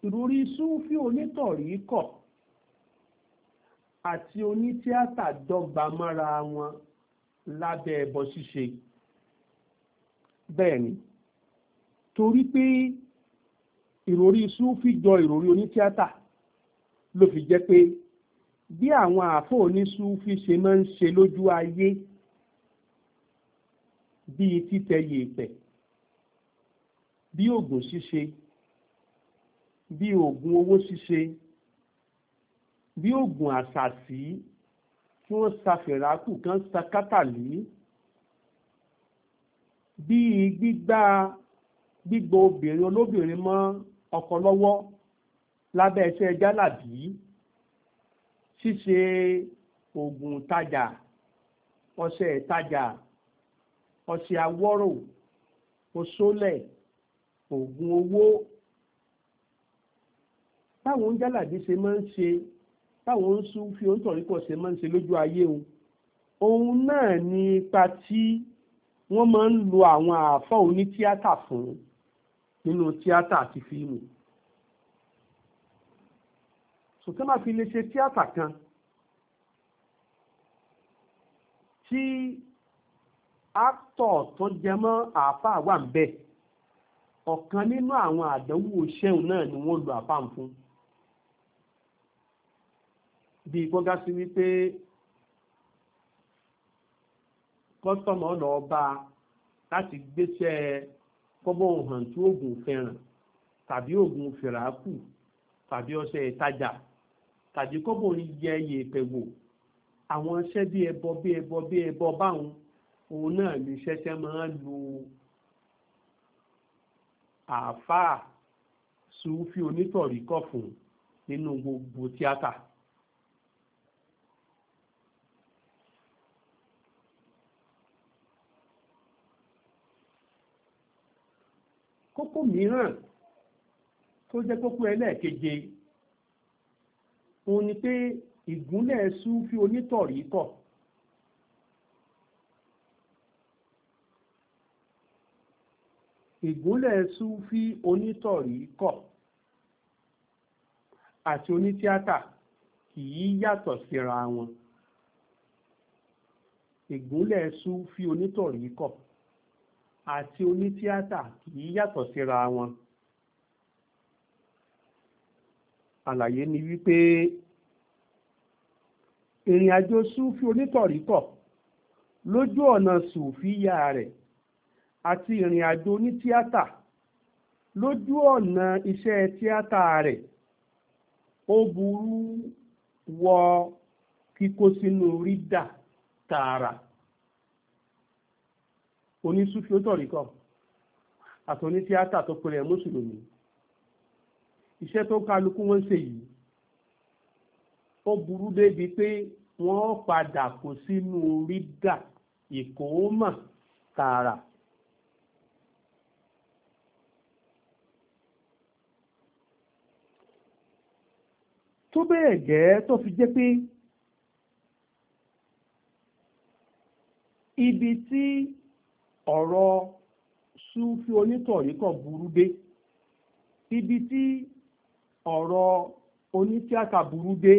ìròrí súfì onítọ̀rí kọ̀ àti onítíátà dọ́gba mọ́ra wọn lábẹ́ ẹbọ ṣíṣe bẹ́ẹ̀ ni torí pé ìròrí súfì jọ ìròrí onítíátà ló fi jẹ́ pé bí àwọn àáfò onísúfì ṣe máa ń ṣe lójú ayé bíi títẹ yèèpẹ̀ bí oògùn ṣíṣe bí oògùn owó ṣíṣe bí oògùn àṣàṣì tí wọ́n ṣàfẹ̀rákù kan ṣakátàlí bíi gbígbà gbígbọ́ obìnrin olóbìnrin mọ́ ọkọ lọ́wọ́ lábẹ́ iṣẹ́ jálàbí ṣíṣe oògùn tajà ọṣẹ ìtajà ọṣẹ awọ́rò oṣólẹ̀ oògùn owó táwọn jálàbí ṣe máa ń ṣe táwọn ń sún fi oúntọ̀ríkọ̀ ṣe máa ń ṣe lójú ayé o òun náà ni ipa tí wọ́n máa ń lo àwọn àáfà onítíátà fún un nínú tíátà àti fíìmù sọtẹ́ máa fi lè ṣe tíátà kan tí áktọ̀ tó jẹmọ́ àáfàá wà ń bẹ̀ ọ̀kan nínú àwọn àdánwò ṣẹ́hùn náà ni wọ́n lu àfáàn fún bí gbọ́gá sí wípé kọ́sọ́mọ̀ lọ bá láti gbéṣẹ́ kọ́bọ̀ hàn tí oògùn fẹ́ràn tàbí oògùn fìràkù tàbí ọṣẹ ìtajà tàbí kọ́bọ̀ yẹ yèèpẹ̀ wò àwọn iṣẹ́ bí ẹbọ bí ẹbọ bí ẹbọ báwọn òun náà ní ṣẹ́ṣẹ́ máa ń lu àáfàá sùúfì onítọ̀ríkọ̀ fún nínú gbogbo tíátà. kókó mìíràn tó jẹ́ kókó ẹlẹ́ẹ̀keje òun ni pé ìgúnlẹ̀ súnfí onítọ̀rí kọ̀ ìgúnlẹ̀ súnfí onítọ̀rí kọ̀ àti onítíátà kì í yàtọ̀ síra wọn ìgúnlẹ̀ súnfí onítọ̀rí kọ̀ àti onítíátà kìí yàtọ̀ síra wọn àlàyé ni wípé ìrìn àjò súfì onítọ̀rítọ̀ lójú ọ̀nà sùfíyà rẹ̀ àti ìrìn àjò onítíátà lójú ọ̀nà iṣẹ́ tíátà rẹ̀ ó burú wọ kíkó sínú rídà tààrà onísúfì ó tọ̀ríkọ̀ àti onítíátà tó pèrè mùsùlùmí iṣẹ́ tó kálukú wọ́n ṣe yìí ó burú débi pé wọ́n padà kó sínú rídà ìkóómà tààrà. tó bẹ́ẹ̀ gẹ́ tó fi jẹ́ pé ibi tí ọ̀rọ̀ súfì onítọ̀ríkọ̀ burú dé ibi tí ọ̀rọ̀ onítíátà burú dé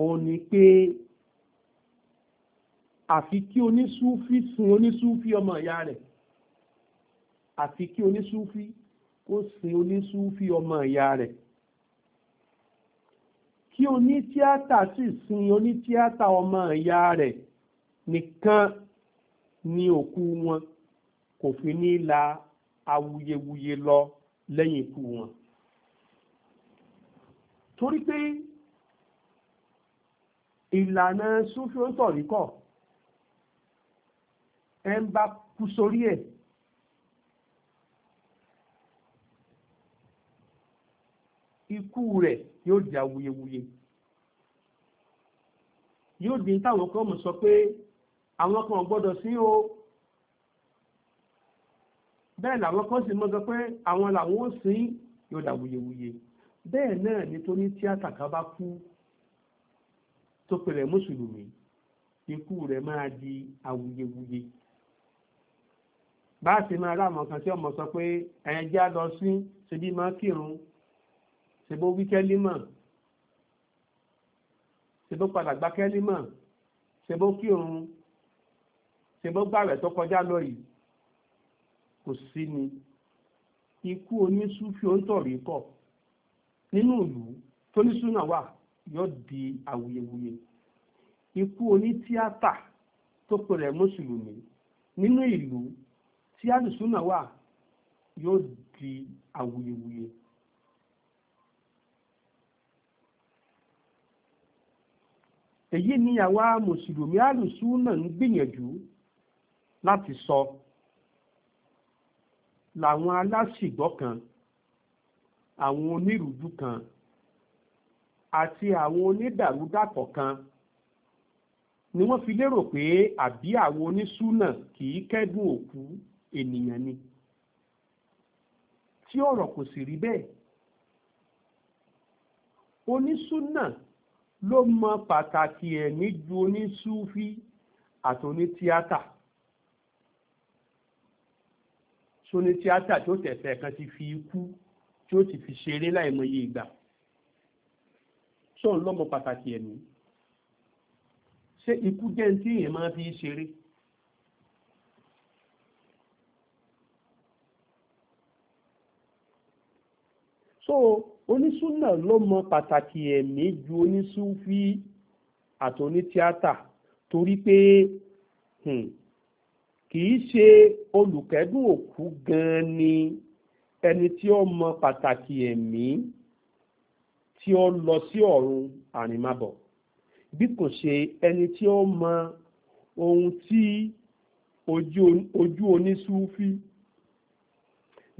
òun ni pé àfi kí onísúfì sun onísúfì ọmọ ìyá rẹ̀ àfi kí onísúfì kó sin onísúfì ọmọ ìyá rẹ̀ kí onítíátà sì sin onítíátà ọmọ ìyá rẹ̀ nìkan ní òkú wọn kò fi ní la awuyewuye lọ lẹ́yìn ikú wọn. torí pé ìlànà súnfíọ́ntọ̀ríkọ̀ ẹ ń bá kú sórí ẹ̀. ikú rẹ̀ yóò di awuyewuye yóò di táwọn kan mọ̀ sọ pé àwọn kan gbọ́dọ̀ sí o bẹ́ẹ̀ làwọn kan sì mọ́gọ pé àwọn làwọn ó sí yóò dà wuyewuye bẹ́ẹ̀ náà nítorí tíátà kan bá kú tó pèrè mùsùlùmí ikú rẹ̀ máa di awuyewuye bá a sì máa rá àwọn kan tí ọmọ sọ pé ẹ̀yìn já lọ sí ṣebí máa kírun ṣebó wí kẹ́límà ṣebó padà gba kẹ́límà ṣebó kírun ṣe bó gbàwẹ̀ tó kọjá lọ yìí kò sí ni ikú onísúfì òǹtọ̀rí kọ̀ nínú ìlú tó ní súnà wà yóò di awuyewuye ikú onítíátà tó pè rẹ̀ mùsùlùmí nínú ìlú tí àdùsúnà wà yóò di awuyewuye. èyí ni àwa mùsùlùmí àlùsúnà ń gbìyànjú láti sọ làwọn aláṣìgbọ́ kan àwọn onírúdú kan àti àwọn onídàrúdàpọ̀ kan ni wọ́n fi lérò pé àbí àwọn onísúnà kì í kẹ́dùn òkú ènìyàn ni tí ọ̀rọ̀ kò sì rí bẹ́ẹ̀ onísúnà ló mọ pàtàkì ẹ̀mí ju onísúfí àti onítíátà tó ní tíátà tó tẹ̀fẹ̀ kan ti fi ikú tí ó ti fi ṣeré láìmọye ìgbà ṣóun lọ́mọ pàtàkì ẹ̀mí ṣé ikú jẹ́ ní tí èèyàn máa fi ṣeré so onísúnà ló mọ pàtàkì ẹ̀mí ju onísúfí àtònítíátà torí pé hmm, kìí ṣe olùkẹ́dùn òkú gan-an ni ẹni tí ó mọ pàtàkì ẹ̀mí tí ó lọ sí ọ̀run àrìnmábọ̀ bí kò ṣe ẹni tí ó mọ ohun tí ojú onísúfí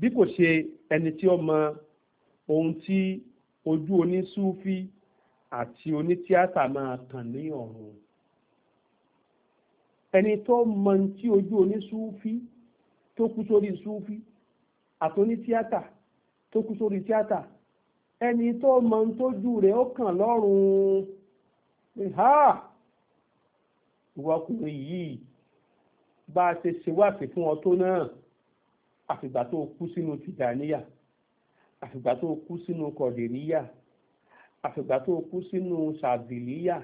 bí kò ṣe ẹni tí ó mọ ohun tí ojú onísúfí àti onítíátà máa tàn ní ọ̀run ẹni tó mọ tí ojú oní súfí tó kú sórí súfí àtòní tíátà tó kú sórí tíátà ẹni tó mọ tójú rẹ̀ ó kàn lọ́rùn ha ìwọkùnrin yìí bá a ṣe ṣèwádìí fún ọ tó náà àfìgbà tó kú sínú tìjàníyà àfìgbà tó kú sínú kọ̀dìríyà àfìgbà tó kú sínú sàdìlíyà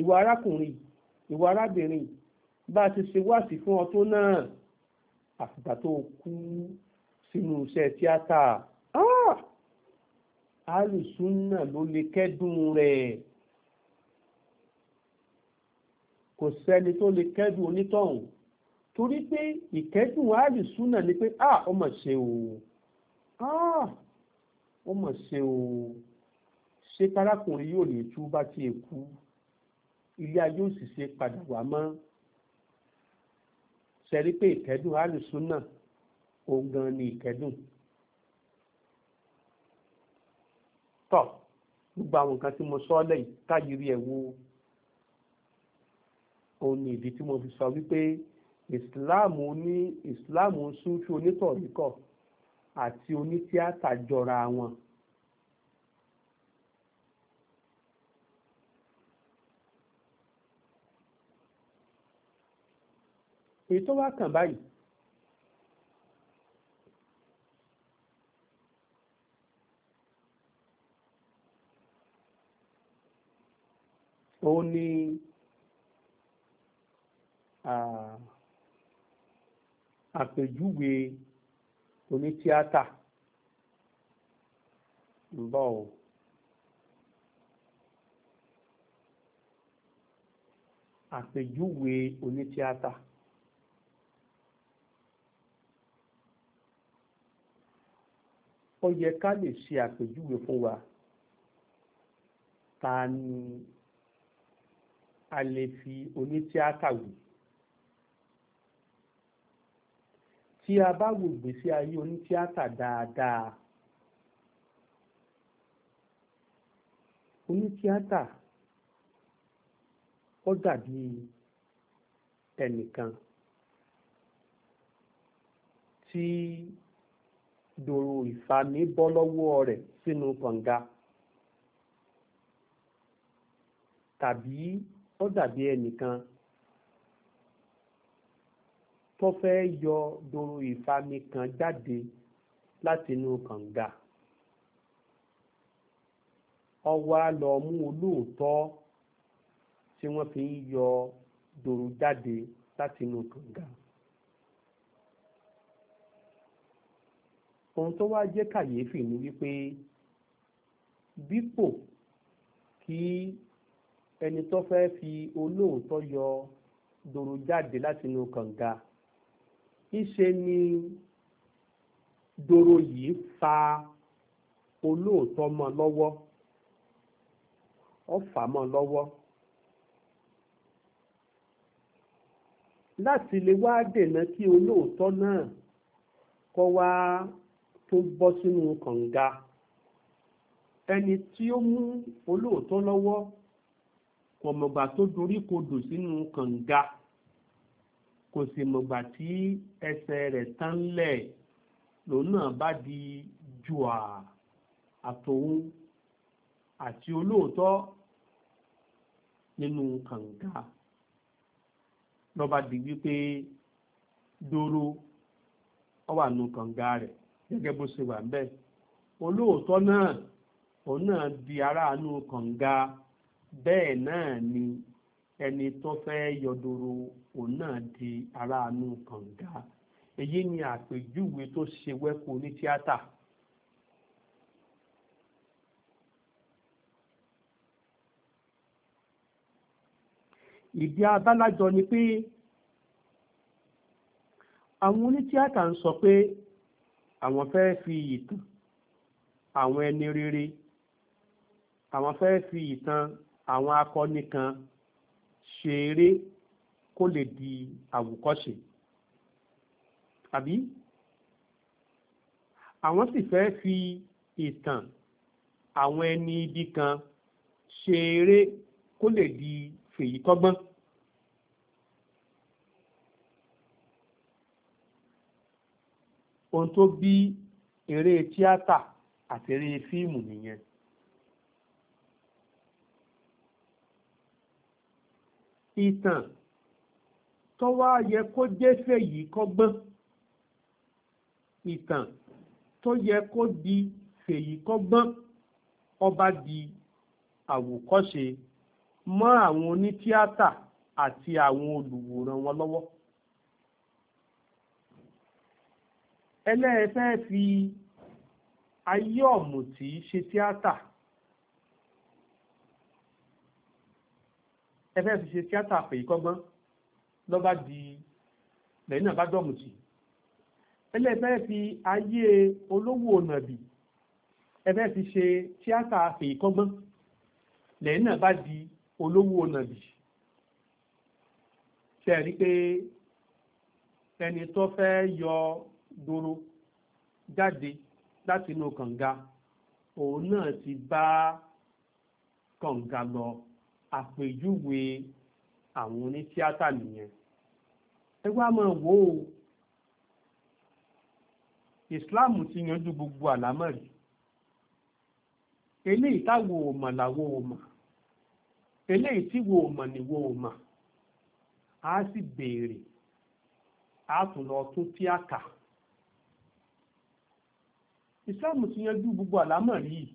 ìwà arákùnrin yìí ìwọ arábìnrin bá a ti ṣe wáàsí fún ọ tó náà àfìgbà tó kú sínú iṣẹ́ tíátà alùsùn ah! náà ló lè kẹ́dùn rẹ̀ kò sẹ́ni tó lè kẹ́dùn onítọ̀hún torí pé ìkẹ́dùn alùsùn náà ni pé ah ọmọ ṣe o ah ọmọ ṣe o ṣé kárákùnrin yóò lè tú bá ti kú ilé ayé òṣìṣẹ́ padà wá mọ́ sẹ́rí pé ìkẹ́dùn àlùsùn náà òun gan ni ìkẹ́dùn. tọ́ gbogbo àwọn nǹkan tí mo sọ lẹ́yìn káyìírí ẹ̀ wo òun ni ìdí tí mo fi sọ wípé islam ní ìsìláàmù súnfì onítọ̀ríkọ̀ àti onítíátà jọra wọn. èyí tó wá kàn báyìí òun ni àpèjúwe onítíátà ń bọ̀ ọ́. àpèjúwe onítíátà ó yẹ ká lè ṣe àpèjúwe fún wa ta ni a lè fi onítíátà wò tí a bá wo ìgbésí ayé onítíátà dáadáa onítíátà ó dàbí ẹnìkan tí. Si doro ìsàmì bọ lọwọ rẹ̀ sínú kànga tàbí ó dàbí ẹnìkan tó fẹ yọ doro ìsàmì kan jáde látinú kànga ó wá lọ mú olóòótọ́ tí wọ́n fi ń yọ doro jáde látinú kànga. ohun tó wá jẹ́ kàyéfì ni wípé dípò kí ẹni tó fẹ́ fi olóòótọ́ yọ dòrò jáde láti inú kànga ńṣe ni dòrò yìí fa olóòótọ́ mọ́ lọ́wọ́ ó fà mọ́ lọ́wọ́ láti lè wá dènà kí olóòótọ́ náà kọ́ wá tó bọ́ sínú kànga ẹni tí ó mú olóòótọ́ lọ́wọ́ kò mọ̀gbà tó dorí kodò sínú kànga kò sì mọ̀gbà tí ẹsẹ̀ rẹ̀ tán lẹ̀ lòun náà bá di jùà àtòun àti olóòótọ́ nínú kànga lọ́ba di wípé dóró ó wà nù kànga rẹ̀ gẹ́gẹ́ bó ṣe wà ń bẹ́ẹ̀ olóòótọ́ náà òun náà di aráàánú kànga bẹ́ẹ̀ náà ni ẹni tó fẹ́ yọdoro òun náà di aráàánú kànga èyí ni àpèjúwe tó ṣe wẹ́kú ní tíátà. ìdí abálájọ ni pé àwọn onítíátà ń sọ pé àwọn fẹ́ fi ìtàn àwọn ẹni rere àwọn fẹ́ fi ìtàn àwọn akọni kan ṣe eré kó lè di àwòkọ́ṣe àbí àwọn sì fẹ́ fi ìtàn àwọn ẹni ibi kan ṣe kó lè di fèyí kọ́gbọ́n. ohun tó bí eré tíátà àti eré fíìmù nìyẹn. ìtàn tó wá yẹ kó jẹ́ fèyí kọ́gbọ́n ìtàn tó yẹ kó di fèyí kọ́gbọ́n ọba di àwòkọ́ṣe mọ́ àwọn onítíátà àti àwọn olùwòran wọn lọ́wọ́. ẹlẹ́ẹ̀fẹ́ fi ayé ọ̀mùtí ṣe tíátà ẹfẹ́ fi ṣe tíátà pè kọ́gbọ́n lọ́ba di lẹ́yìn náà bá dọ̀mùtí ẹlẹ́ẹ̀fẹ́ fi ayé olówó nàbì ẹfẹ́ fi ṣe tíátà pè é kọ́gbọ́n lẹ́yìn náà bá di olówó nàbì ṣe rí pé ẹni tó fẹ́ yọ dúró jáde láti inú kànga òun náà ti bá kànga lọ àpèjúwe àwọn onítíátà nìyẹn ẹ wá máa wò ó Islam ti yanjú gbogbo àlámọ̀rí eléyìí táwo òmà làwo òmà eléyìí tí wo òmà ni wo òmà á sì béèrè á tún lọ tún tíátà islam ti yanjú gbogbo àlámọ̀rí yìí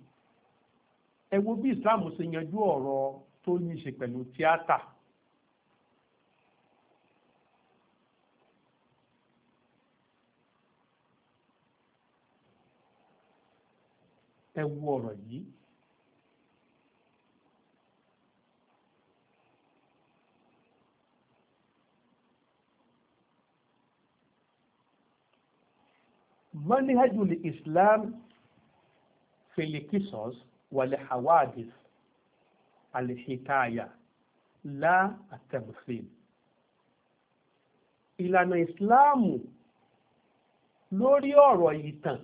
ẹ wo bí islam ṣe yanjú ọ̀rọ̀ tó ní í ṣe pẹ̀lú tíátà. ẹ ọ̀rọ̀ yìí manhaju li islam filikisos wàlẹ̀ hawadis alihikaya la atamsil ìlànà ìsìláàmù lórí ọ̀rọ̀ ìtàn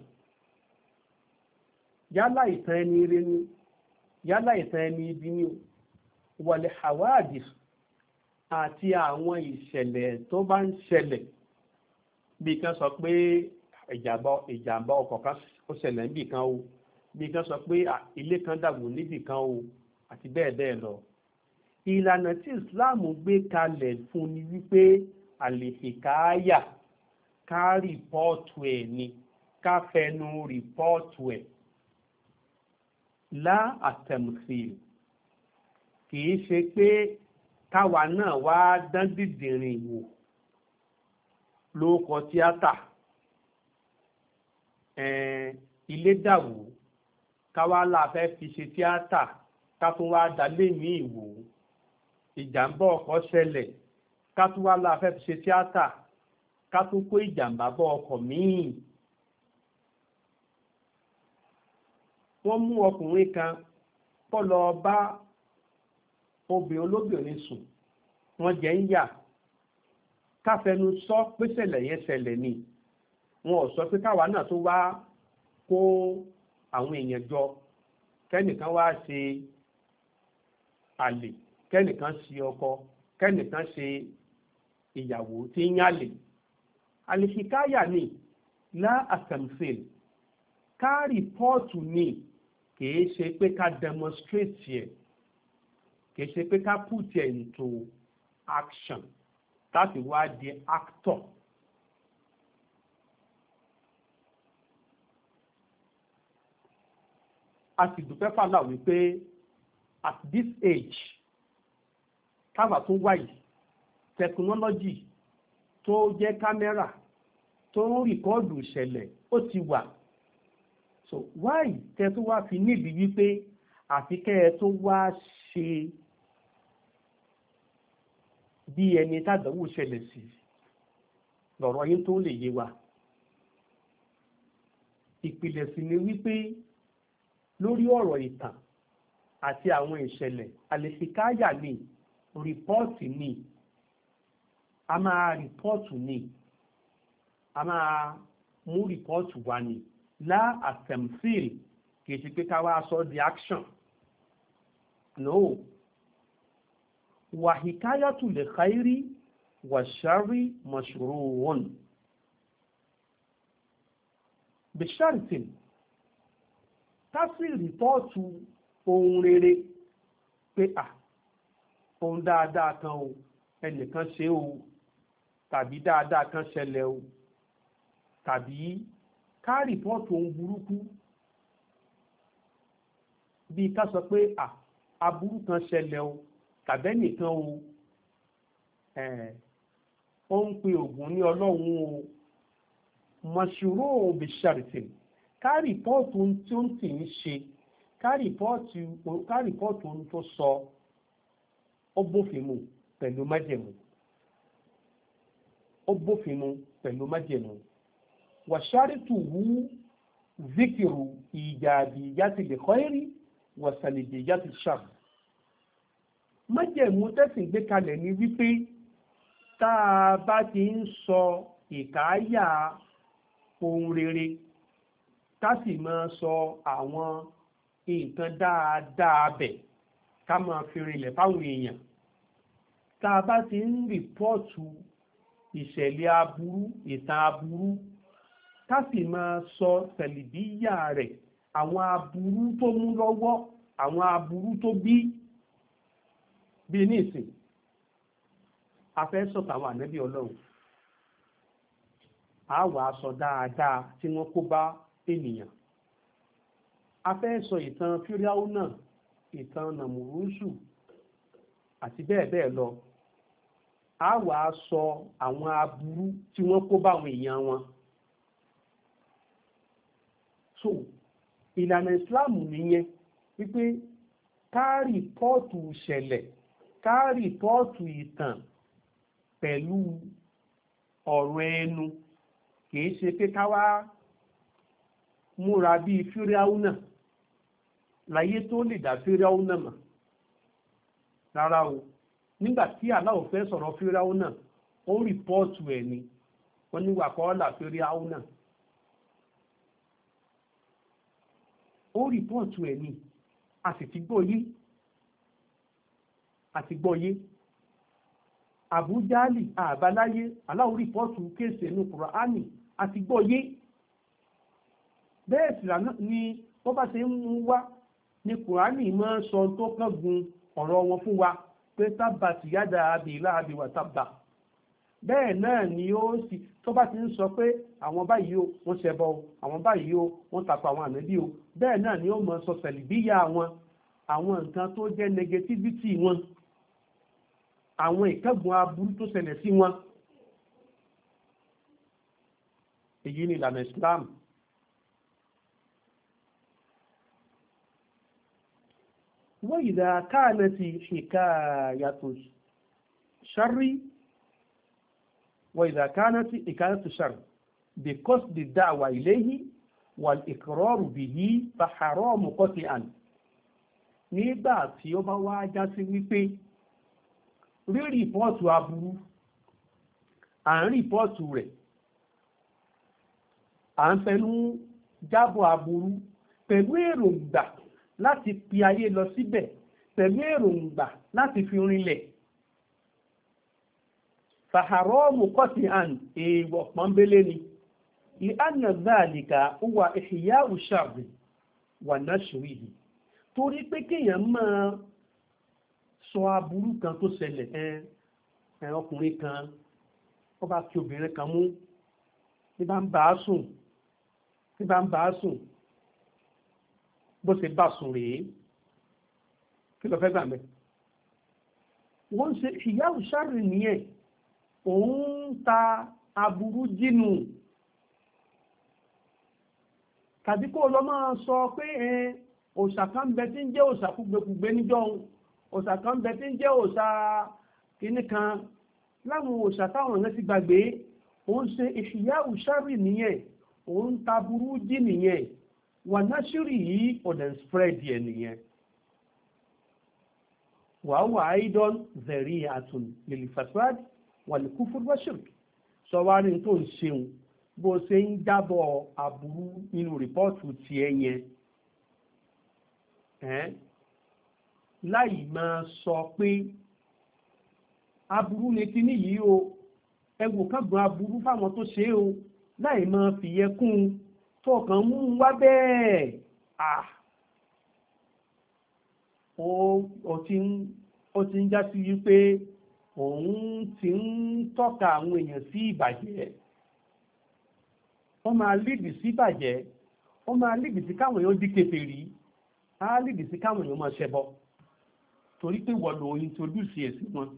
yálà ìtàn ẹni ire ni yálà ìtàn ẹni ibi ni wàlẹ̀ hawadis àti àwọn ìṣẹ̀lẹ̀ tó bá ń ṣẹlẹ̀ bí kan sọ pé ìjàmbá ọkọ̀ kan ó ṣẹlẹ̀ níbì kan o bí kan sọ pé ilé kan dàgbò níbì kan o àti bẹ́ẹ̀ bẹ́ẹ̀ lọ. ìlànà tí Islam gbé kalẹ̀ fún ni wípé àlèkèkáyà ká rìpọ́ọ̀tù ẹ̀ ni ká fẹnu rìpọ́ọ̀tù ẹ̀ lá àtẹ̀mùsìn kì ṣe pé káwa náà wá dán dìdìrìn wò lóko tíátà ilé dàwó káwá la fẹ́ fi ṣe tíátà ká tún wá dalé ní ìwò ìjàmbá ọkọ̀ ṣẹlẹ̀ ká tún wá la fẹ́ fi ṣe tíátà ká tún kó ìjàmbá bọ́ ọkọ̀ míì. wọ́n mú ọkùnrin kan kó lọ bá obìnrin olóbìnrin sùn wọ́n jẹ́ ń yà káfẹnu sọ pé ṣẹlẹ̀ yẹn ṣẹlẹ̀ ni. So, wọn ò sọ pé káwa náà tó wá kó àwọn èèyàn jọ kẹ́nìkan wá ṣe àlè kẹ́nìkan ṣe ọkọ kẹ́nìkan ṣe ìyàwó tí ń yàlè àlèṣikáyà ni lá àtẹ̀mfèl ká rìpọ́ọ̀tù ni kìí ṣe pé ká demonstrate yẹ kìí ṣe pé ká put yẹ into action láti wá di actor. a sì dúpẹ́ fàlà wípé at this age táwa tún wáyé tẹkinọ́lọ́jì tó jẹ́ kámẹ́rà tó ń rìkọ́ọ̀dù ìṣẹ̀lẹ̀ ó ti wà so why tẹ tó wá fi níbi wípé àfi kẹ́ ẹ tó wá ṣe bí ẹni tàdánwò ṣẹlẹ̀ sí lọ̀rọ̀ yín tó lè yé wa ìpìlẹ̀ sì ni wípé lórí ọ̀rọ̀ ìtàn àti àwọn ìṣẹ̀lẹ̀ àlèsíkáyà ni rìpọ́ọ̀tì ni a máa rìpọ́ọ̀tù ni a máa mú rìpọ́ọ̀tù wá ni lá àtẹ̀mfíìl kìí ṣe pé ká wá sọ di action no wàhíkáyàtù lè káírí wàṣárí mọ̀ṣúrù wọn bíṣàrìtìn tásì rìpọ́ọ̀tù ohun rere pé à ohun dáadáa kan o ẹnìkan ṣe o tàbí dáadáa kan ṣẹlẹ̀ o tàbí ká rìpọ́ọ̀tù ohun burúkú bíi ká sọ pé à aburú kan ṣẹlẹ̀ o tàbẹ́nìkan o ó ń pe ògùn ní ọlọ́run o mọ̀ṣúrò òbí ṣàrìtìmù ká rìpọ́ọ̀tù ohun tí ó ń tì ń ṣe ká rìpọ́ọ̀tù ohun tó sọ ó bófin mu pẹ̀lú májẹ̀mú ó bófin mu pẹ̀lú májẹ̀mú wàṣáàrìtù wú zikiru ìjàdìjáti lè kọ́ eré wàṣàlìjìjáti ṣáà májẹ̀mú tẹ́sìn gbé kalẹ̀ ní wípé tá a bá ti ń sọ ìkáyà ohun rere ká sì máa sọ àwọn nǹkan dáadáa bẹ̀ ká máa fi rinlẹ̀ fáwọn èèyàn tá a bá ti ń rìpọ́ọ̀tù ìṣẹ̀lẹ̀ aburú ìtàn aburú ká sì máa sọ tẹ̀lìbíyà rẹ̀ àwọn aburú tó mú lọ́wọ́ àwọn aburú tó bí bí ní ìsìn a ànábì ọlọ́run a wàá dáadáa tí wọ́n kó bá ènìyàn a fẹ́ sọ ìtàn fíríáúnà ìtàn nàmùrúsù àti bẹ́ẹ̀ bẹ́ẹ̀ lọ a wà á sọ àwọn aburú tí wọ́n kó báwọn èèyàn wọn so ìlànà ìsìláàmù nìyẹn wípé káàrì pọ́ọ̀tù ìṣẹ̀lẹ̀ káàrì pọ́ọ̀tù ìtàn pẹ̀lú ọ̀rọ̀ ẹnu kìí ṣe pé ká wá múra bíi fíráúnà láyé tó lè dá fíráúnà mà rárá o nígbà tí aláwọ̀ fẹ́ sọ̀rọ̀ fíráúnà ó rìpọ́ọ̀tù ẹ̀ ni wọ́n ní wàkọ́ọ́là fíráúnà ó rìpọ́ọ̀tù ẹ̀ ni a sì ti gbọ́ yé a ti gbọ́ yé àbújáàlì àbáláyé aláwọ̀ rìpọ́ọ̀tù kéèsì ẹnu kùrọ̀ ánì a ti gbọ́ yé bẹ́ẹ̀ sì ni bó bá ṣe ń mú wá ni kùránì máa ń sọ tó kángun ọ̀rọ̀ wọn fún wa pé tábà tí yáda abì láàbì wà bẹ́ẹ̀ náà ni ó sì tó bá ti ń sọ pé àwọn báyìí o wọ́n ṣẹbọ o àwọn báyìí o wọ́n tapọ̀ àwọn ànábì o bẹ́ẹ̀ náà ni ó mọ sọ sẹ̀lìbíyà wọn àwọn nǹkan tó jẹ́ negativity wọn àwọn ìkẹ́gùn aburú tó ṣẹlẹ̀ sí wọn èyí ni ìlànà Islam وإذا كانت حكاية شر وإذا كانت حكاية شر بقصد الدعوة إليه والإقرار به فحرام قطعا nígbà tí ó bá wá já sí wípé rí rìpọ́ọ̀tù aburú à ń rìpọ́ọ̀tù rẹ̀ à ń fẹnu jábọ̀ aburú pẹ̀lú èròǹgbà láti pi ayé lọ síbẹ̀ pẹ̀lú èròǹgbà láti fi rinlẹ̀. fàhàrọ́ọ̀mù kọ́sì àn èèwọ̀ pọ́nbélé ni li'anna dhalika huwa ihya'u sharri wa nashrihi torí pé kéèyàn máa sọ aburú kan tó ṣẹlẹ̀ ẹ ọkùnrin kan ó bá obìnrin kan mú ní bá ń bá a sùn ní bá ń bá a sùn bó ṣe bá sùn rèé kí ló fẹ́ gbà mẹ́. wọ́n ṣe ìyá òṣàrì nìyẹn òun ń ta aburú jínú tàbí kó lọ máa sọ pé òṣà kan bẹ tí ń jẹ́ òṣà kúgbekùgbe níjọ́ òṣà kan bẹ tí ń jẹ́ òṣà kìíní kan láwọn òṣà táwọn ọ̀nà ti gbàgbé òun ṣe ìṣìyá òṣàrì nìyẹn òun ń ta burú jí nìyẹn wà náṣírì yìí ọ̀dẹ̀ spread yẹn nìyẹn wà á wà áìdọ́n zẹ̀rí àtún lèlìfàṣáàd wà lè kú fúrúbá ṣírk sọ wá ní tó ń ṣeun bó ṣe ń jábọ̀ aburú nínú rìpọ́ọ̀tù tiẹ̀ yẹn láì máa sọ pé aburú ni kíní yìí o ẹwò kágbọn aburú fáwọn tó ṣe é o láì máa fìyẹ kún un tọkàn mú wá bẹ́ẹ̀ o ó ti ń já sí ti ń tọ́ka àwọn èèyàn sí ìbàjẹ́ wọ́n máa lìdì sí ìbàjẹ́ wọ́n máa lìdì sí káwọn èèyàn di kèfèrí á lìdì sí káwọn èèyàn máa ṣẹbọ torí pé wọ́n èsì wọn.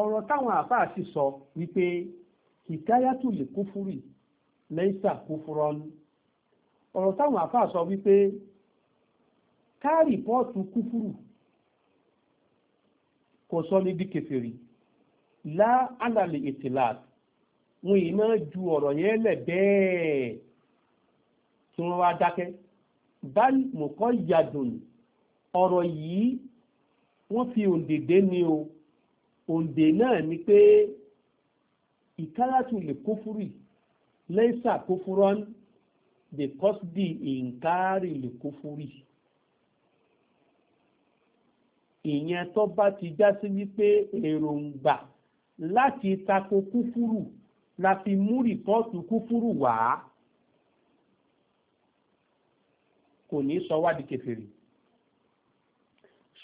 ọ̀rọ̀ táwọn àfáà sì sọ wípé hidayatu lè kúfúrì lẹ́yìnsà kúfúrọ́nù ọ̀rọ̀ táwọn àfáà sọ wípé ká rìpọ́ọ̀tù kúfúrù kò sọ ní di kèfèrí lá alàlè ìtìláàtì wọn yìí máa ju ọ̀rọ̀ yẹn lẹ̀ bẹ́ẹ̀ tí wọ́n wá dákẹ́ báyìí mọ̀kọ́ yàdùn ọ̀rọ̀ yìí wọ́n fi òǹdèdè ni o òǹdè náà ni pé ìkálàtù lè kófúrì lẹ́sà kófúrọ́n the cosby ìǹkárì lè kófúrì ìyẹn tó bá ti já sí wípé èròǹgbà láti tako kúfúrù la fi mú rìpọ́ọ̀tù kúfúrù wá kò ní sọ wá di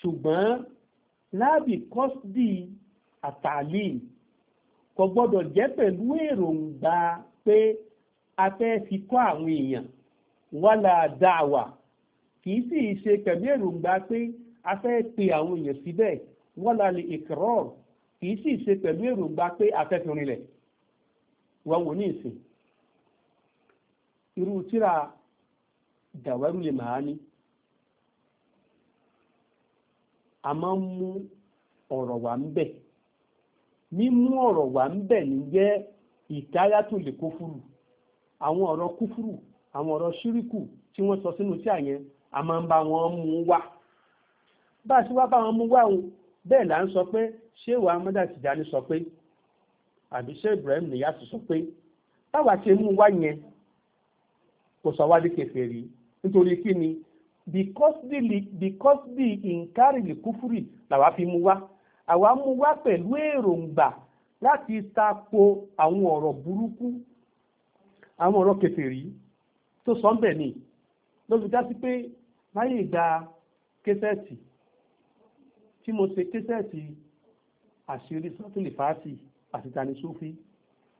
ṣùgbọ́n láàbì cosby àtàlìm kò gbọdọ jẹ́ pẹ̀lú èròǹgbà pé a fẹ́ fi àwọn èèyàn wálà dáwà kì í sì ṣe pẹ̀lú èròǹgbà pé a fẹ́ pe àwọn èèyàn síbẹ̀ wálà lè ìkírọ̀rù kì í sì ṣe pẹ̀lú èròǹgbà pé a fẹ́ fi rinlẹ̀ a máa ń mú wà mímú ọ̀rọ̀ wà ń bẹ̀ ní jẹ́ ìdáyàtò lè kófúrù àwọn ọ̀rọ̀ kúfúrù àwọn ọ̀rọ̀ ṣíríkù tí wọ́n sọ sínú sí àyẹn a máa ń bá wọn mú wá bá a sì wá bá wọn mú wá o bẹ́ẹ̀ là ń sọ pé ṣé ìwà amọ́dà Tìjàní sọ pé àbí ṣé Ibrahim Nìyàsí sọ pé táwa ṣe mú wá yẹn kò sọ wá di kèfèrí nítorí kí ni because the because the nkárìlì kúfúrì làwa fi mú wá àwa mú wá pẹ̀lú èròǹgbà láti tako àwọn ọ̀rọ̀ burúkú àwọn ọ̀rọ̀ kèfèrí tó sọ ń bẹ ni ló fi dá sí pé láyé ìgbà késẹ́ẹ̀tì tí mo ṣe késẹ́ẹ̀tì àṣírí sọ́tìlì fàátì àti tanisúfí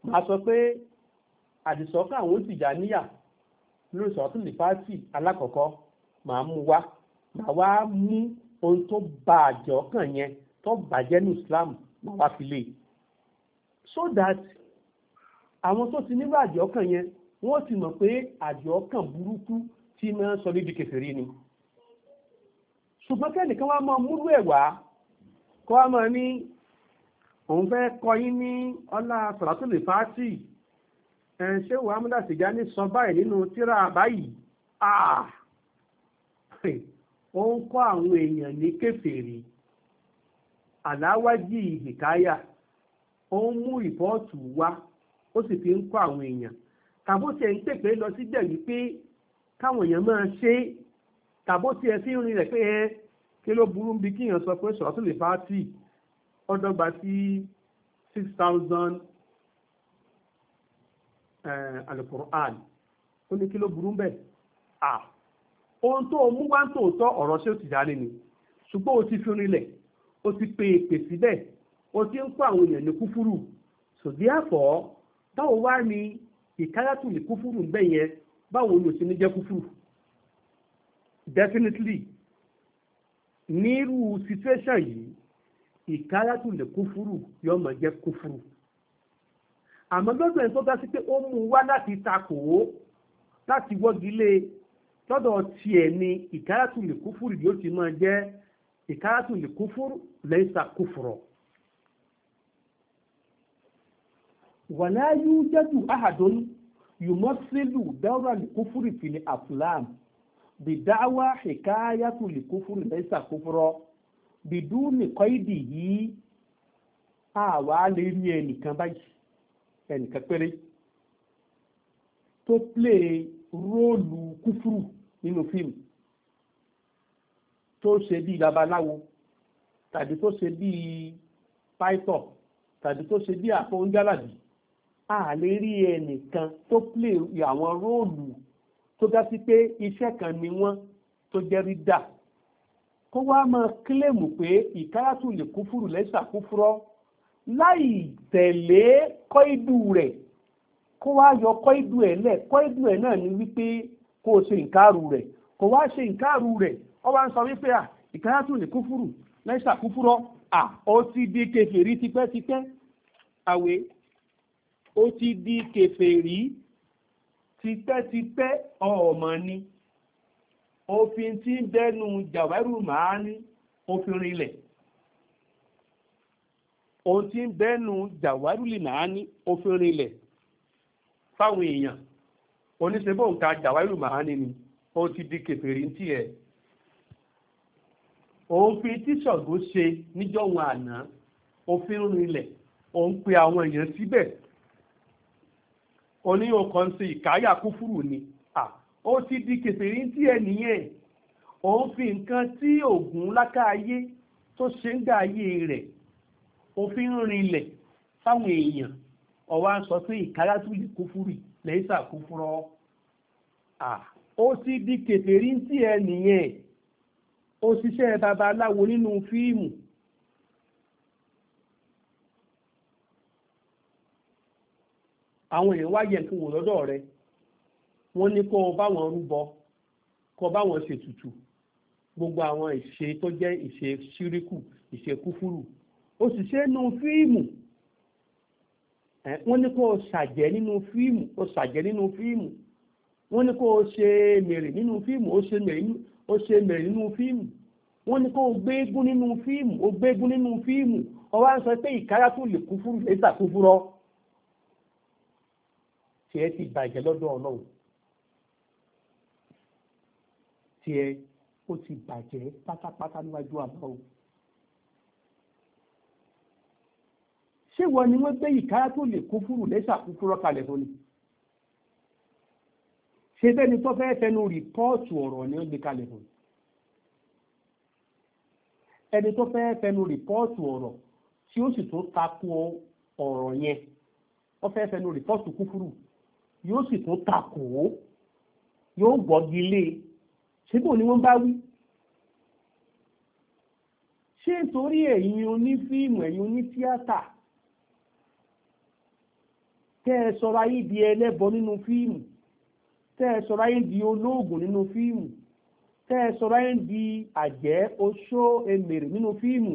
máa sọ pé àdìsọ́kàn àwọn òsìjà níyà lórí sọ́tìlì fàátì alákọ̀ọ́kọ́ máa mú wá máa wá mú ohun tó ba àjọ kàn yẹn tó bàjẹ́ ní Islam máa wá fi lé so that àwọn tó ti nígbà àjọ ọkàn yẹn wọ́n ti mọ̀ pé àjọ ọkàn burúkú tí máa ń sọ níbi kèfèrí ni ṣùgbọ́n kẹ́nìkan wá máa múlú ẹ̀ wá kọ́ wá máa ní òun fẹ́ kọ́ yín ní ọlá sàràtúlì fàátì ẹ̀ ṣé wàá múlá sìgá ní sọ báyìí nínú tíra báyìí ó ń kọ́ àwọn èèyàn ní kèfèrí àláwájì ìhìkáyà ó ń mú rìpọ́ọ̀tù wá ó sì fi ń kọ́ àwọn èèyàn tàbó tiẹ̀ ń pèpè lọ síbẹ̀ wípé káwọn èèyàn máa ṣe é tàbó tiẹ̀ fi ń rin rẹ̀ pé ẹ kí ló burú bí kíyàn sọ pé sọ̀rọ̀ tó lè bá tì ọdọ́gba sí six thousand alukur'an ó ní kí ló burú bẹ́ẹ̀ à ohun tó mú wá ń tòótọ́ ọ̀rọ̀ ṣé ó ti dá lé ni ṣùgbọ́n ó ti fi rinlẹ̀ ó ti pe èpè síbẹ̀ ó ti ń kó àwọn èèyàn ní kúfúrú so therefore báwo wá ní ìkáyàtù ní kúfúrú ń bẹ̀ yẹn báwo ni òsì ní jẹ́ kúfúrú definitely nírú situation yìí ìkáyàtù ní kúfúrú yóò máa jẹ́ kúfúrú àmọ́ lọ́dọ̀ ẹni tó dá sí pé ó mú wá láti takò ó láti wọ́gilé e, lọ́dọ̀ tiẹ̀ ni ìkáyàtù ní kúfúrú yóò ti máa jẹ́ kúfúrú ìkáàtù lè kúfúrú lẹ́sà kúfúrọ̀ wà láyé jẹ́jù áhàdùn yùmọ́sílù dáwà lè kúfúrú fìlẹ̀ àfúlàm bìdáwà ìkáyàtù lè kúfúrú lẹ́sà kúfúrọ̀ bìdú nìkọ́ ìdì yìí àwa lè rí ẹnìkan báyìí ẹnìkan péré tó plé róòlù kúfúrú nínú fíìmù tó ṣe bí babaláwo tàbí tó ṣe bí pító tàbí tó ṣe bí àpọ́njálàbí a lè rí ẹnìkan tó plé àwọn róòlù tó dá sí pé iṣẹ́ kan ni wọ́n tó jẹ́ rí dà kó wá máa kílèmù pé ìkáyàtù lè kú fúrù lẹ́sà kú fúrọ́ láì tẹ̀lé kọ́ rẹ̀ kó wá yọ kọ́ ẹ̀ lẹ̀ kọ́ ẹ̀ náà ni wípé kó o ṣe ìkárù rẹ̀ kó wá ṣe ìkárù rẹ̀ ó wá ń sọ wípé à ìkáyàtù ní kúfúrù lẹ́sà kúfúrọ́ à ó ti di kèfèrí tipẹ́tipẹ́ àwẹ̀ ó ti di kèfèrí tipẹ́tipẹ́ ọmọ ni òfin tí ń bẹ́nu jàwẹ́rù màá ní òfin rinlẹ̀ ohun tí ń bẹ́nu jàwárùlì náà ní òfin rinlẹ̀ fáwọn èèyàn oníṣẹ́bọ̀ ń ta jàwárùlì màá ní ni ó ti di kèfèrí ń tiẹ̀ òfin tí Ṣàngó ṣe níjọ́hun àná òfin o òun pe àwọn èèyàn síbẹ̀ oní ọkàn ṣe ìkáyà kúfúrú ni ó ti di kèfèrí tí ẹ nìyẹn òun fi nǹkan tí ògùn lákàáyé tó ṣe ń gbà ayé rẹ̀ òfin rinlẹ̀ fáwọn èèyàn ọwọ́ à ń sọ pé ìkáyà tó lè kúfúrú lẹ́yìn sàkúfúrọ́ ó ti di kèfèrí tí ẹ ó ṣiṣẹ́ babaláwo nínú fíìmù àwọn èèyàn wá yẹ nǹkan wò lọ́dọ̀ rẹ wọ́n ní kó o bá wọn rúbọ kó o bá wọn ṣètùtù gbogbo àwọn ìṣe tó jẹ́ ìṣe ṣíríkù ìṣe kúfúrù ó nínú fíìmù wọ́n ní kó o ṣàjẹ́ nínú fíìmù o ṣàjẹ́ nínú fíìmù wọ́n ní kó ṣe mèrè nínú fíìmù o ṣe mèrè nínú fíìmù ó ṣe mẹ̀rin nínú fíìmù wọ́n ní kó o gbé eégún nínú fíìmù o gbé eégún nínú fíìmù wọ́n wá ń sọ pé ìkárá tó lè kú fúrú èyí tàkú fúrọ́ tiẹ̀ ti bàjẹ́ lọ́dọ̀ ọlọ́run tiẹ̀ ó ti bàjẹ́ pátápátá níwájú àbáwò. ṣé wọ́n ni wọ́n gbé ìkárá tó lè kú fúrú lẹ́sà kú fúrọ́ kalẹ̀ fún ni ṣe bẹ́ni tó fẹ́ fẹnu rìpọ́ọ̀tù ọ̀rọ̀ ni ó gbé kalẹ̀ fún ẹni tó fẹ́ fẹnu rìpọ́ọ̀tù ọ̀rọ̀ tí ó sì tó takò ọ̀rọ̀ yẹn ó fẹ́ fẹnu rìpọ́ọ̀tù kúfúrú yóò sì tó takò ó yóò gbọ́gi lé e síbò ni wọ́n bá wí ṣé nítorí ẹ̀yin onífíìmù ẹ̀yin onítíátà tẹ́ ẹ sọra yìí di ẹlẹ́bọ nínú fíìmù tẹ́ ẹ sọ di olóògùn nínú fíìmù tẹ́ ẹ sọ ráyé di àjẹ́ oṣó emèrè nínú fíìmù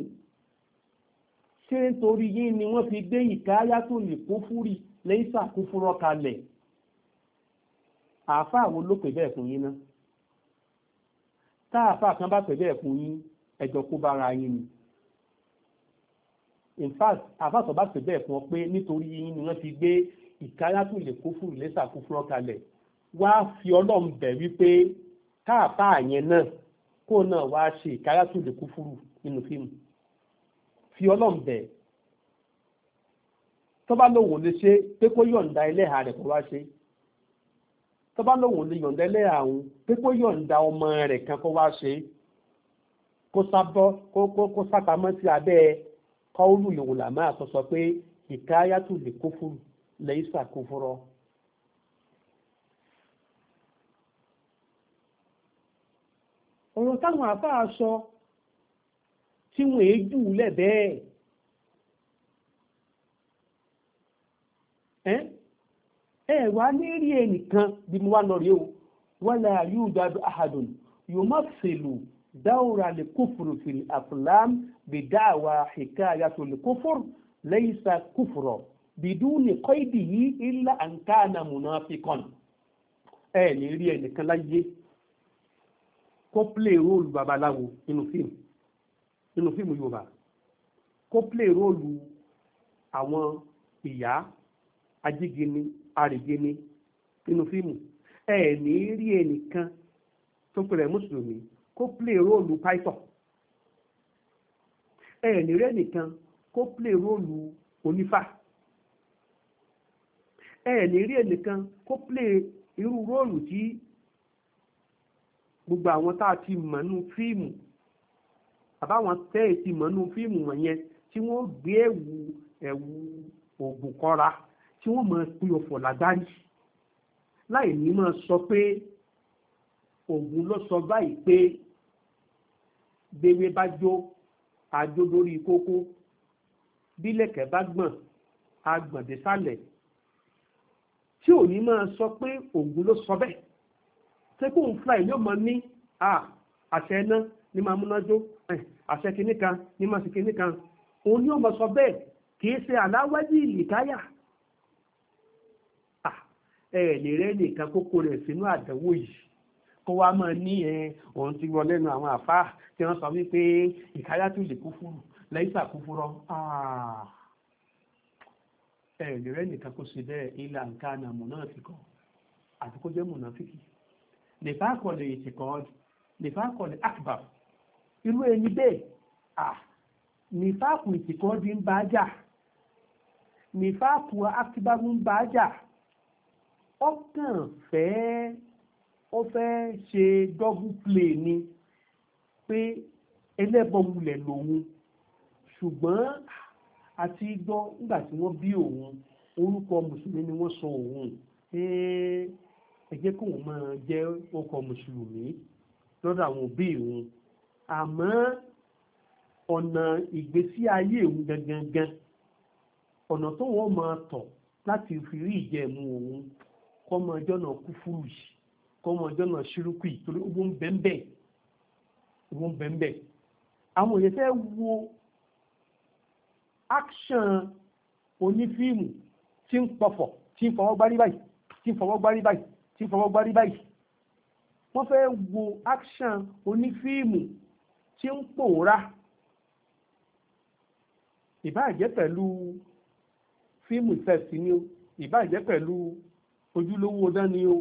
ṣé nítorí yín ni wọ́n fi gbé ìkáyà tó lè kún fúri lẹ́yìn sàkúfúrọ́ kalẹ̀ àáfàá wo ló pè bẹ́ẹ̀ fún yín náà tá àáfàá kan bá pè bẹ́ẹ̀ fún yín ẹjọ́ kó bára yín ni in fact àáfàá tó bá pè bẹ́ẹ̀ fún ọ pé nítorí yín ni wọ́n fi gbé ìkáyà tó lè kún fúri lẹ́yìn sàkúfúrọ́ kalẹ̀ wá fi ọlọ́run bẹ̀ wípé káàpá yẹn náà kó náà wá ṣe ìkáyàtò lè kú fúrú nínú fíìmù fi ọlọ́run bẹ̀ tó bá lòun ò lè ṣe pé kó yọ̀ǹda ẹlẹ́hà rẹ̀ kó wá ṣe tó bá lòun ò lè yọ̀ǹda ẹlẹ́hà òun pé kó yọ̀ǹda ọmọ rẹ̀ kan kó wá ṣe kó sábọ́ kó sápamọ́ sí abẹ́ kọ́ọ̀lù ìwòlàmọ́ àtọ́sọ pé ìkáyàtò lè kú fúrú lẹ́yìn sàkófúrọ́. ọ̀rọ̀ táwọn àfáà sọ tí wọ́n èéjù lẹ́bẹ̀ẹ́ ẹ́ ẹ̀ wá lérí ẹnìkan bí mo wá lọ rí o wala yudad ahadun yumathilu dáwòrà lè kófòrò fil aflam bí dáwà hikayatu lè kófòrò laysa kófòrò bidúni kọ́ìdì yìí illa an kana munafiqan ẹ̀ ní rí ẹnìkan láyé kó play róòlù babaláwo nínú fíìmù nínú fíìmù yorùbá kó play róòlù àwọn ìyá ajígini arìgini nínú fíìmù ẹ ní rí ẹnìkan tó pèrè mùsùlùmí kó play róòlù pító ẹ ní rí ẹnìkan kó play róòlù onífà ẹ ní rí ẹnìkan kó play irú róòlù tí gbogbo àwọn tá a ti mọ̀ nínú fíìmù àbáwọn tẹ́ ẹ̀ ti mọ̀ nínú fíìmù wọ̀nyẹn tí wọ́n gbé ẹ̀wù ẹ̀wù ògùn kọ́ra tí wọ́n máa pín ọ̀fọ̀ lágbárí láì ní máa sọ pé ògùn ló sọ báyìí pé gbèwé bá jó àjò lórí kókó bílẹ̀kẹ̀ bá gbọ̀n agbọ̀n tí ò ní máa sọ pé ògùn ló sọ bẹ́ẹ̀ tẹ́kù ń fly yóò mọ ní àṣẹ iná ní máa múnájó eh, àṣẹ kìíní kan ní máa ṣe kìíní kan òun yóò mọ sọ bẹ́ẹ̀ kìí ṣe aláwájú ìlìkáyà ẹ̀ẹ̀lì rẹ̀ nìkan kókó rẹ̀ sínú àdánwò yìí kó wá máa ní ẹ òun ti wọ lẹ́nu àwọn àfáà tí wọ́n sọ wípé ìkáyà tó lè kú fúrù lẹ́yìn sàkúfúrọ́ ẹ̀ẹ̀lì rẹ̀ nìkan kó ṣe bẹ́ẹ̀ ilà nǹkan àmọ̀ náà fi kọ́ àti kó jẹ́ mùnàfíkì nìfàkọ̀lẹ̀ ìtìkọ́d nìfàkọ̀lẹ̀ akbar irú ẹni bẹ́ẹ̀ à nìfàkù ìtìkọ́d ń bá jà nìfàkù akbar ń bá jà ọkàn fẹ́ẹ́ ó fẹ́ ṣe double play ni pé ẹlẹ́bọ̀mulẹ̀ lòun ṣùgbọ́n àti gbọ́ nígbà tí wọ́n bí òun orúkọ mùsùlùmí ni wọ́n sọ òun ẹ jẹ́ kóun máa jẹ́ ọkọ̀ mùsùlùmí lọ́dọ̀ àwọn òbí òun àmọ́ ọ̀nà ìgbésí ayé òun gangan ọ̀nà tó wọ́n máa tọ̀ láti fi rí ìjẹ̀mú òun kọ́ mọ ọjọ́ náà kú fúrú kọ́ mọ ọjọ́ náà ṣírúkú yìí owó ń bẹ́ńbẹ́ owó ń bẹ́ńbẹ́ àwọn èèyàn fẹ́ wo action onífíìmù tí ń pọ̀fọ̀ tí ń fọwọ́ gbárí báyìí tí ń fọwọ́ gbárí báyìí tí fọwọ́ gbárí báyìí wọ́n fẹ́ wo action onífíìmù tí ń pòórá ìbáàjẹ́ pẹ̀lú fíìmù ìfẹ́sì ni o ìbáàjẹ́ pẹ̀lú ojúlówó ọdán ni o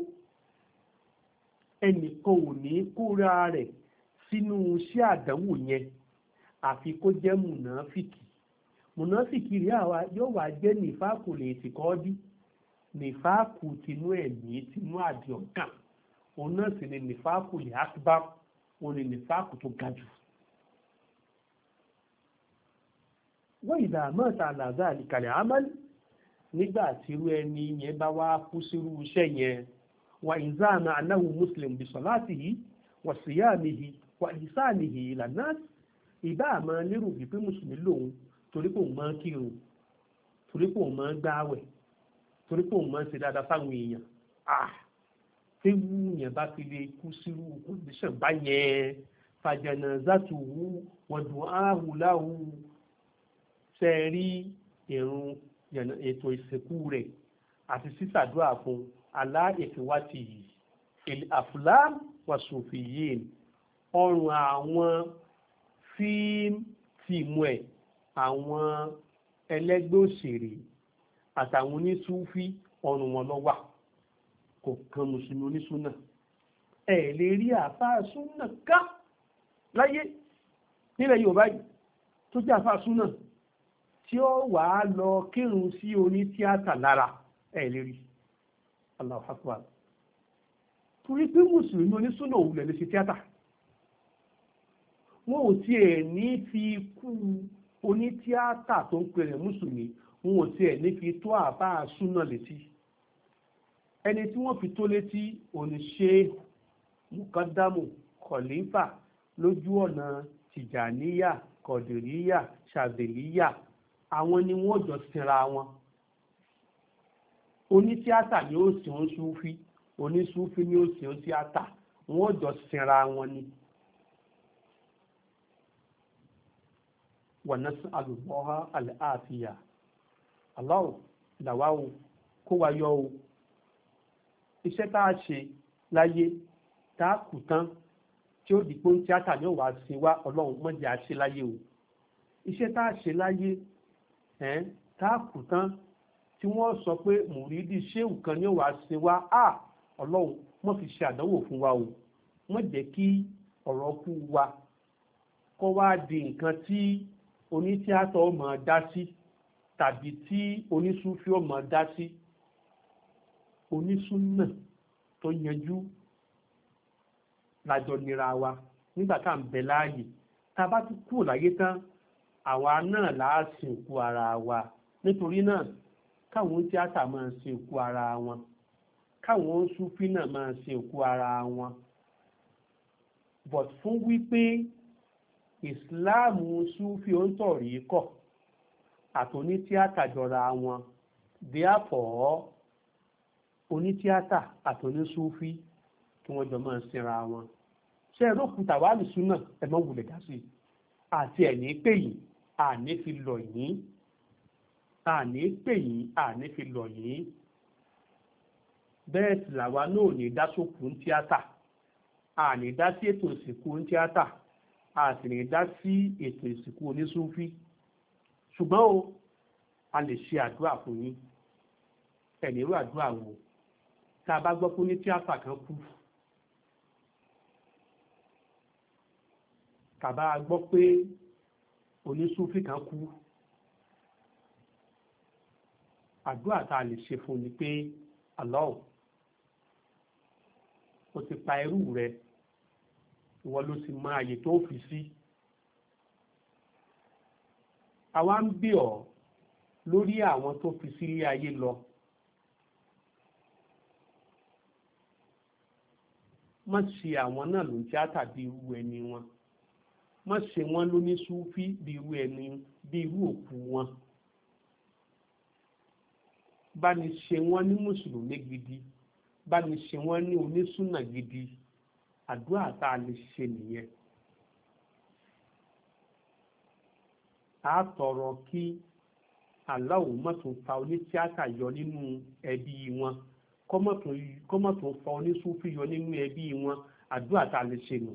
ẹnìkan ò ní kóra rẹ̀ sínú iṣẹ́ àdánwò yẹn àfi kó jẹ́ mùnàfìkì mùnàfìkì rí àwa yóò wá jẹ́ nífàkùlẹ̀ ètìkọ́ọ́dí nìfáàkù tinú ẹ̀mí tinú àdì ọ̀gàn òun náà sì ni nìfáàkù lè ákíbá òun ni nìfáàkù tó ga jù. wọ́n ìdá mọ́ta àlàzà àlìkàlẹ̀ àmàlì nígbà tí irú ẹni yẹn bá wá kú sírú iṣẹ́ yẹn wà ìzáàmà anáwó muslim bí sọ̀láàtì yìí wà síyáàmì yìí wà ìsáàmì yìí lànà ìbá àmọ́ lérò wípé mùsùlùmí lòun torí mọ́ kírun torí mọ́ gbáwẹ̀ torí pé òun máa ń ṣe dáadáa sáwọn èèyàn ah téwú yẹn bá fi lè kú sírú kọ́ndíṣàn bá yẹn fàjànà zàtùwú wọ̀dùn áhùláhù ṣe rí ìrun ètò ìsìnkú rẹ̀ àti sísàdúrà fún aláìkíwátì yìí àfúlám wàṣòfì yìí ọrùn àwọn fíìmù ẹ̀ àwọn ẹlẹ́gbẹ́ òṣèré àtàwọn onísúfí ọrùn wọn lọ wà kò kan mùsùlùmí onísúnà ẹ lè rí àfáà súnà ká láyé nílẹ̀ Yorùbá yìí tó jẹ́ àfáà súnà tí ó wà á lọ kírun sí oní tíátà lára ẹ lè rí Allahu Akbar torí pé mùsùlùmí onísúnà òwúlẹ̀ lè ṣe tíátà wọn ò tiẹ̀ ní fi kú oní tíátà tó ń pè rẹ̀ mùsùlùmí wọn ò tiẹ̀ ní fi tó àbá súnà létí ẹni tí wọ́n fi tó létí oníṣe mukadamu kọ̀lífà lójú ọ̀nà tìjàníyà kọ̀dìríyà ṣàdèlíyà àwọn ni wọ́n jọ sinra wọn onítíátà ni ó sì ń súfí onísúfí ni ó sì ń tíátà wọ́n jọ sinra wọn ni. wọ̀nà alùpùpọ̀ àlẹ́ Allah làwa o kó wa yọ o iṣẹ́ tá a ṣe láyé tá a kù tán tí ó dìpọ́ ní tíátà ní òwà sí wa ọlọ́run mọ́jà ṣe láyé o iṣẹ́ tá a ṣe láyé ẹ̀ tá a kù tán tí wọ́n sọ pé mùrídìí ṣéwù kan ní òwà sí wa a ọlọ́run mọ́ fi ṣe àdánwò fún wa o mọ́ jẹ́ kí ọ̀rọ̀ kú wa kọ́ wá di nǹkan tí onítíátà ọmọ dá sí. Si tàbí tí onísúfí ọmọ dá sí onísúnà tó yanjú lájọ nira wa nígbà tá à ń bẹ láàyè tá a bá ti kú láyé tán àwa náà láà sìnkú ara wa nítorí náà káwọn tíátà máa sìnkú ara wọn káwọn súfí náà máa sìnkú ara wọn but fún wípé ìsìláàmù súfí ó ń tọ̀rí kọ̀ àtòní tíátà jọra wọn díàpọ̀ onítíátà àtòní súfí kí wọ́n jọ máa sinra wọn ṣé ẹ lókun tàwálù súnà ẹ mọ wulẹ̀ dá sí i àti ẹ̀ní pè yín àní fi lọ̀ yín àní pè yín àní fi lọ̀ yín bẹ́ẹ̀ sì làwa náà ní dá ń tíátà àní dá sí ètò ìsìnkú ń tíátà àti ní dá sí ètò ìsìnkú onísúfí ṣùgbọ́n o a lè ṣe àdúrà fún yín ẹ̀mí irú àdúrà wo tá a bá gbọ́ pé ní tíátà kan kú tàbá gbọ́ pé onísúfì kan kú àdúrà tá a lè ṣe fún ni pé Allah o ti pa ẹrú rẹ ìwọ ló sì mọ àyè tó fi sí. Si àwa ń bí ọ lórí àwọn tó fi sílé ayé lọ má ṣe àwọn náà ló ń já tàbí irú ẹni wọn má ṣe wọn lóní súfí bí irú ẹni bí irú òkú wọn bá ní ṣe wọn ní mùsùlùmí gidi bá ní ṣe wọn ní onísùnà gidi àdúrà tá a lè ṣe nìyẹn a tọrọ kí aláwo mọ̀tún fa onítíátà yọ nínú ẹbí wọn kọ́mọ̀tún fa onísúfì yọ nínú ẹbí wọn àdúrà tá a lè ṣe nù.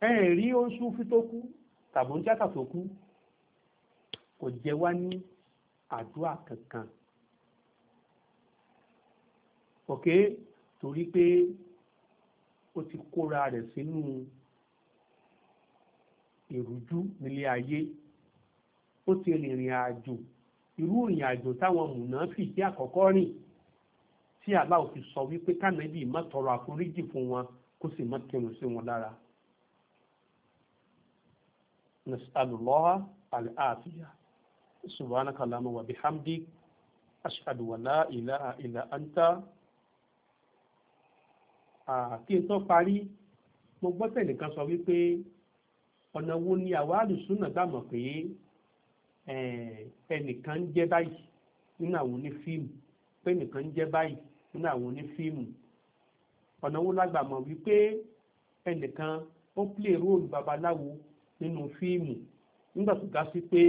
ẹ rí onísúfì tó kú tàbí onítíátà tó kú kò jẹ wá ní àdúrà kankan. òkè torí pé ó ti kóra rẹ̀ sínú. Si ìrújú nílé ayé ó ti rìnrìn àjò irú ìrìn àjò táwọn mùnáfìkí àkọ́kọ́ rìn tí Allah fi sọ wípé kánẹ́bì má tọrọ àforíjì fún wọn kó sì má kírun sí wọn lára. nasalulọ́ha al-afiya subhanaka allahumma wa bihamdik ashhadu wa la ilaha illa anta kí n tó parí mo gbọ́ tẹ̀lé kan sọ wípé ọ̀nà wo ni àwa àlùsùnà gbà mọ̀ pé ẹnìkan ń jẹ́ báyìí nínú àwọn onífíìmù pé ẹnìkan ń jẹ́ báyìí nínú àwọn onífíìmù ọ̀nà wo lágbà mọ̀ wípé ẹnìkan ó plé róòlù babaláwo nínú fíìmù nígbà tó ga sí pé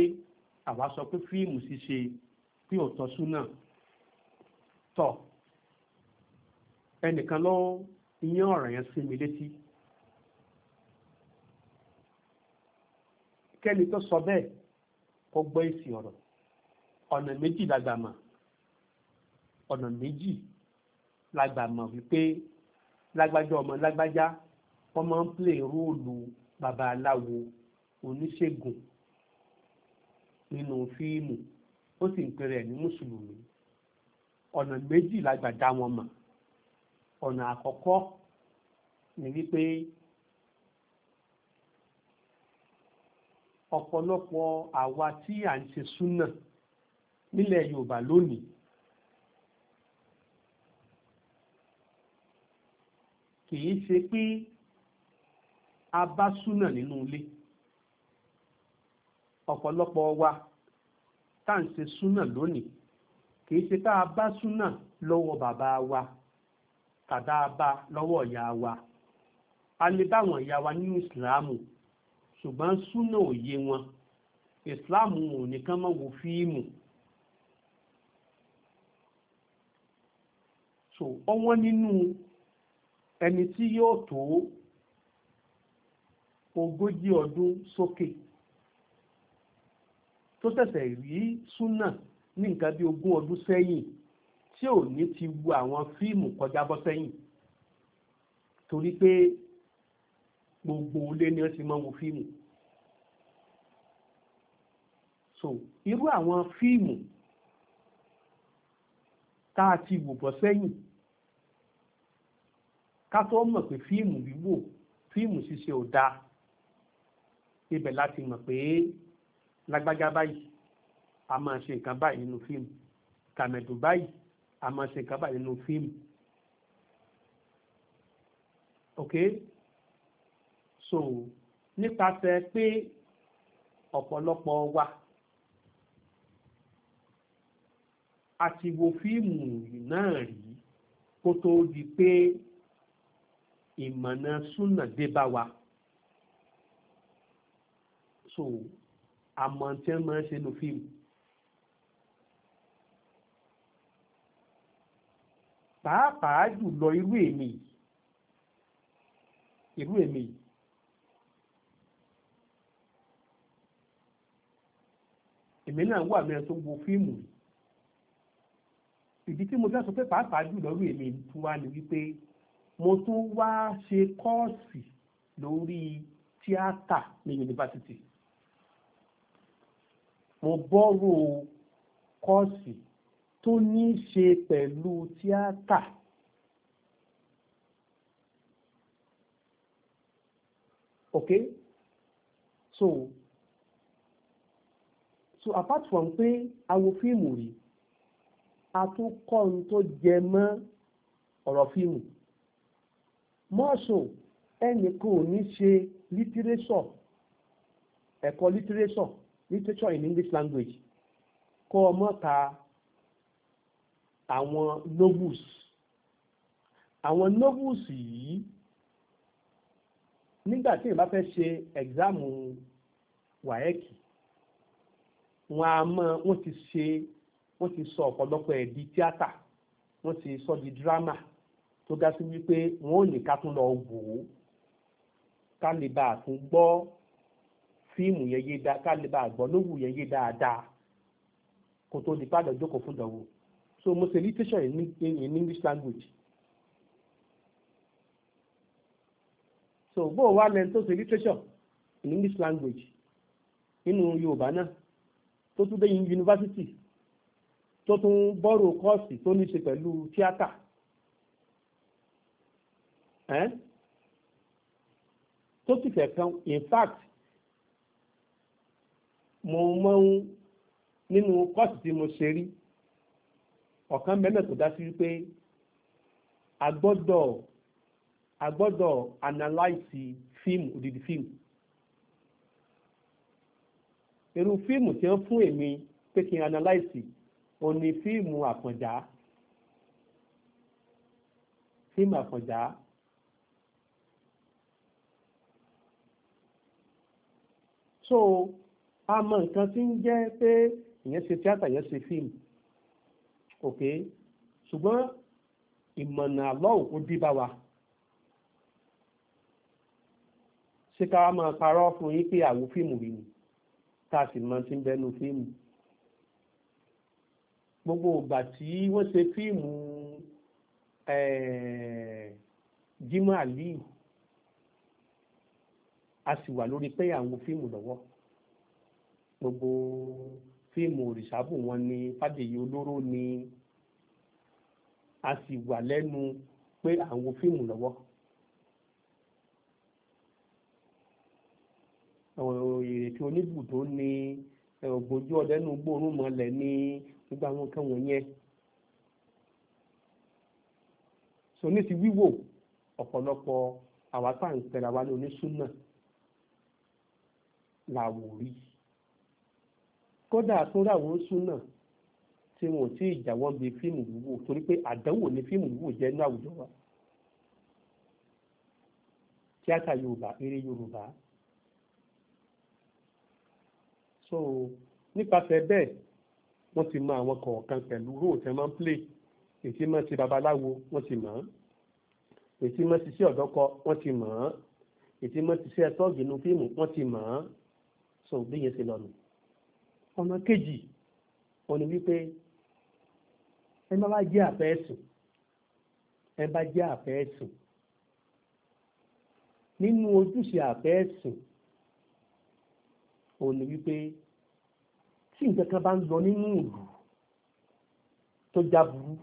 àwa sọ pé fíìmù ṣíṣe pé ọ̀tọ̀ súnà tọ̀ ẹnìkan ló yan ọ̀rọ̀ yẹn sí mi létí. kẹ́ni tó sọ bẹ́ẹ̀ kó gbọ́ èsì ọ̀rọ̀ ọ̀nà méjì lágbàmọ̀ ọ̀nà méjì lágbàmọ̀ wípé lágbájá ọmọ lágbájá wọ́n máa ń play róòlù babaláwo oníṣègùn nínú fíìmù ó sì ń pèrè ní mùsùlùmí ọ̀nà méjì lágbàdá wọn mọ̀ ọ̀nà àkọ́kọ́ ni wípé ọ̀pọ̀lọpọ̀ àwa tí à ń ṣe súnà nílẹ̀ Yorùbá lónìí kìí ṣe pé a bá súnà nínú ilé ọ̀pọ̀lọpọ̀ wa tá à ń ṣe súnà lónìí kìí ṣe pé a bá súnà lọ́wọ́ bàbá wa tàbá a bá lọ́wọ́ ìyá wa a lè bá àwọn ìyá wa nínú ìsìláàmù ṣùgbọ́n súnà òye wọn islam ò nìkan máa wo fíìmù so ọwọ́n nínú ẹni tí yóò tó ogójì ọdún sókè tó ṣẹ̀ṣẹ̀ rí súnà ní nǹkan bí ogún ọdún sẹ́yìn tí ò ní ti wo àwọn fíìmù kọjá bọ́ sẹ́yìn torí pé gbogbo ilé ni wọ́n ti máa wo fíìmù so irú àwọn fíìmù tá a ti wò bọ́ sẹ́yìn ká tó mọ̀ pé fíìmù wíwò fíìmù ṣíṣe ò dáa ibẹ̀ láti mọ̀ pé lágbájá báyìí a máa ṣe nǹkan báyìí nínú fíìmù kàmẹ̀dù báyìí a máa ṣe nǹkan báyìí nínú fíìmù ok so nípasẹ̀ pé ọ̀pọ̀lọpọ̀ wa a ti wo fíìmù náà rí kó tó di pé ìmọ̀nà súnà dé bá wa so àmọ́ tí wọ́n máa ń ṣe nu fíìmù. pàápàá jùlọ irú èmi irú èmi yìí èmi náà wà mẹ́rin tó ń wo fíìmù ìdí tí mo fẹ́ sọ pé pàápàá jùlọ rí èmi tún wá ní wípé mo tún wá ṣe kọ́ọ̀sì lórí tíátà ní yunifásitì mo bọ́rò kọ́ọ̀sì tó ní í ṣe pẹ̀lú tíátà. okay so so apart from pé awo fíìmù yìí a tún kọ́ ohun tó jẹ mọ́ ọ̀rọ̀ fíìmù mọ́ọ̀sùn ẹnìkan ò ní ṣe lítírésọ̀ ẹ̀kọ́ lítírésọ̀ literature in English language kọ́ ọmọ ka àwọn novels àwọn novels yìí nígbà tí èèyàn bá fẹ́ ṣe ẹ̀gzáàmù wáẹ́kì wọn a mọ wọn ti ṣe wọn ti sọ ọ̀pọ̀lọpọ̀ ẹ̀ di tíátà wọn ti sọ di dírámà tó ga sí wípé wọn ò ní ká tún lọ wò ó ká lè bá a tún gbọ́ fíìmù yẹn yé dáa ká lè bá a gbọ́ lówù yẹn yé dáadáa kò tó di padà jókòó fún ìdánwò so mo ṣe literature in, in, in English language so bó o wá lẹ́nu tó ṣe literature in English language nínú Yorùbá náà tó tún dé yunifásitì tó tún bọ́rò kọ́ọ̀sì tó ní ṣe pẹ̀lú tíátà tó sì fẹ́ kan in fact mo mọ̀ ń nínú kọ́ọ̀sì tí mo ṣe rí ọ̀kan mẹ́lẹ̀ tó dá sí wípé a gbọ́dọ̀ a gbọ́dọ̀ analyse fíìmù odidi fíìmù irú fíìmù tí wọ́n fún èmi pé kí n analyse ò ní fíìmù àpọ̀njá fíìmù àpọ̀njá. so a mọ nǹkan tí ń jẹ́ pé ìyẹn ṣe tíátà ìyẹn ṣe fíìmù ok ṣùgbọ́n ìmọ̀nà àlọ́ òkú dìbà wa ṣé ká máa parọ́ fún yín pé àwo fíìmù rí ni tá a sì mọ tí ń bẹnu fíìmù gbogbo ìgbà tí wọ́n ṣe fíìmù eh, Jimoh Aliyu a sì wà lórí pé àwọn fíìmù lọ́wọ́ gbogbo fíìmù òrìṣàbù wọn ni fàdèyí olóró ni a sì wà lẹ́nu pé àwọn fíìmù lọ́wọ́. ìrètí oníbùdó ni ògbójú ọdẹ nù gbòòrùn mọ́lẹ̀ ní gbogbo àwọn nǹkan wọ̀nyẹn. so ní ti wíwò ọ̀pọ̀lọpọ̀ àwa tá à ń pẹ̀lú àwa ní onísúnà làwò kódà tó ráwọ̀ onísúnà tí wọn ò tí ì jáwọ́ bíi fíìmù wíwò torí pé àdánwò ni fíìmù wíwò jẹ́ ní àwùjọ wa tíátà yorùbá eré yorùbá so nípasẹ̀ bẹ́ẹ̀ wọ́n ti mọ àwọn kọ̀ọ̀kan pẹ̀lú róò tẹ́ máa ń play ètí máa ń ṣe babaláwo wọ́n ti mọ̀ ọ́ ètí máa ń ṣiṣẹ́ ọ̀dọ́kọ wọ́n ti mọ̀ ọ́ ètí máa ń ṣiṣẹ́ tọ́ọ̀gì inú fíìmù wọ́n ti mọ̀ ọ́ so bí yẹn ṣe lọ́nu. ọ̀nà kejì òní wípé ẹ má bá jẹ́ àfẹ́ ẹ̀sùn ẹ bá jẹ́ àfẹ́ ẹ̀sùn nínú ojúṣe àfẹ́ ẹ̀sùn òun ni wípé tí nǹkan kan bá ń lọ nínú ìlú tó jáburú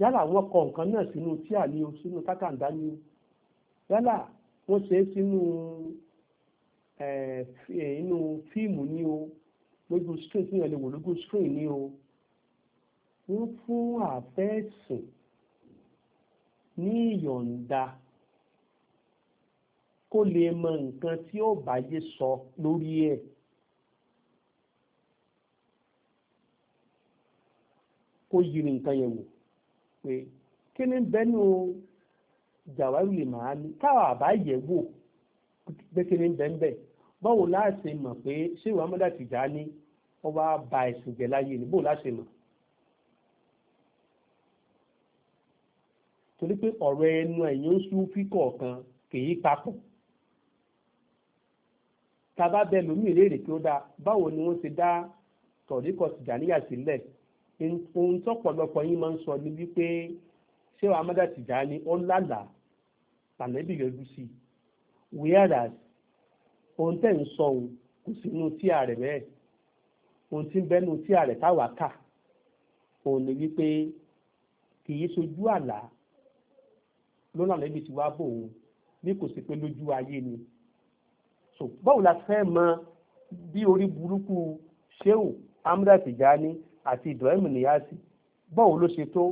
yálà wọ́n kọ nǹkan náà sínú tíà ní o sínú kákàndá ní o yálà wọ́n ṣe é sínú inú fíìmù ní o lójú screen tí yẹn wò lójú screen ní o wọ́n fún àfẹ́sùn ní ìyọ̀ǹda kó lè mọ nǹkan tí ó báyé sọ lórí ẹ̀. kó yiri nǹkan yẹn wò pé kí ni bẹ́nu jàwárí lè máa ní káwọn àbá yẹ̀ wò pé kí ni bẹ́ńbẹ́ báwo láti mọ̀ pé ṣé ìwà mọ́dà tìjà ní wọ́n wá ba ẹ̀sìn jẹ́ láyé ní bóò láti mọ̀. torí pé ọ̀rọ̀ ẹnu ẹ̀yìn ń sún fí kọ̀ọ̀kan kì í papọ̀ tàbá bẹ lómi ìlérè pé ó dáa báwo ni wọ́n ti dá tọ̀ríkọ̀ tìjàníyà sílẹ̀ ohun tọ́pọ̀lọpọ̀ yín máa ń sọ ni wípé ṣé wàá mọ́dà tìjàní ó lálàá tànẹ́bì yọjú sí whereas ohun tẹ̀ ń sọ òun kò sí inú tí ààrẹ bẹ́ẹ̀ ohun tí ń bẹ́nu tí ààrẹ táwa kà òun ni wípé kì í sojú àlá lọ́nà lẹ́bi tí wàá bò òun bí kò sí pé lójú ayé ni so báwo la fẹ́ mọ bí orí burúkú Shehu Amda Tijani àti Ibrahim Niyasi báwo ló ṣe tó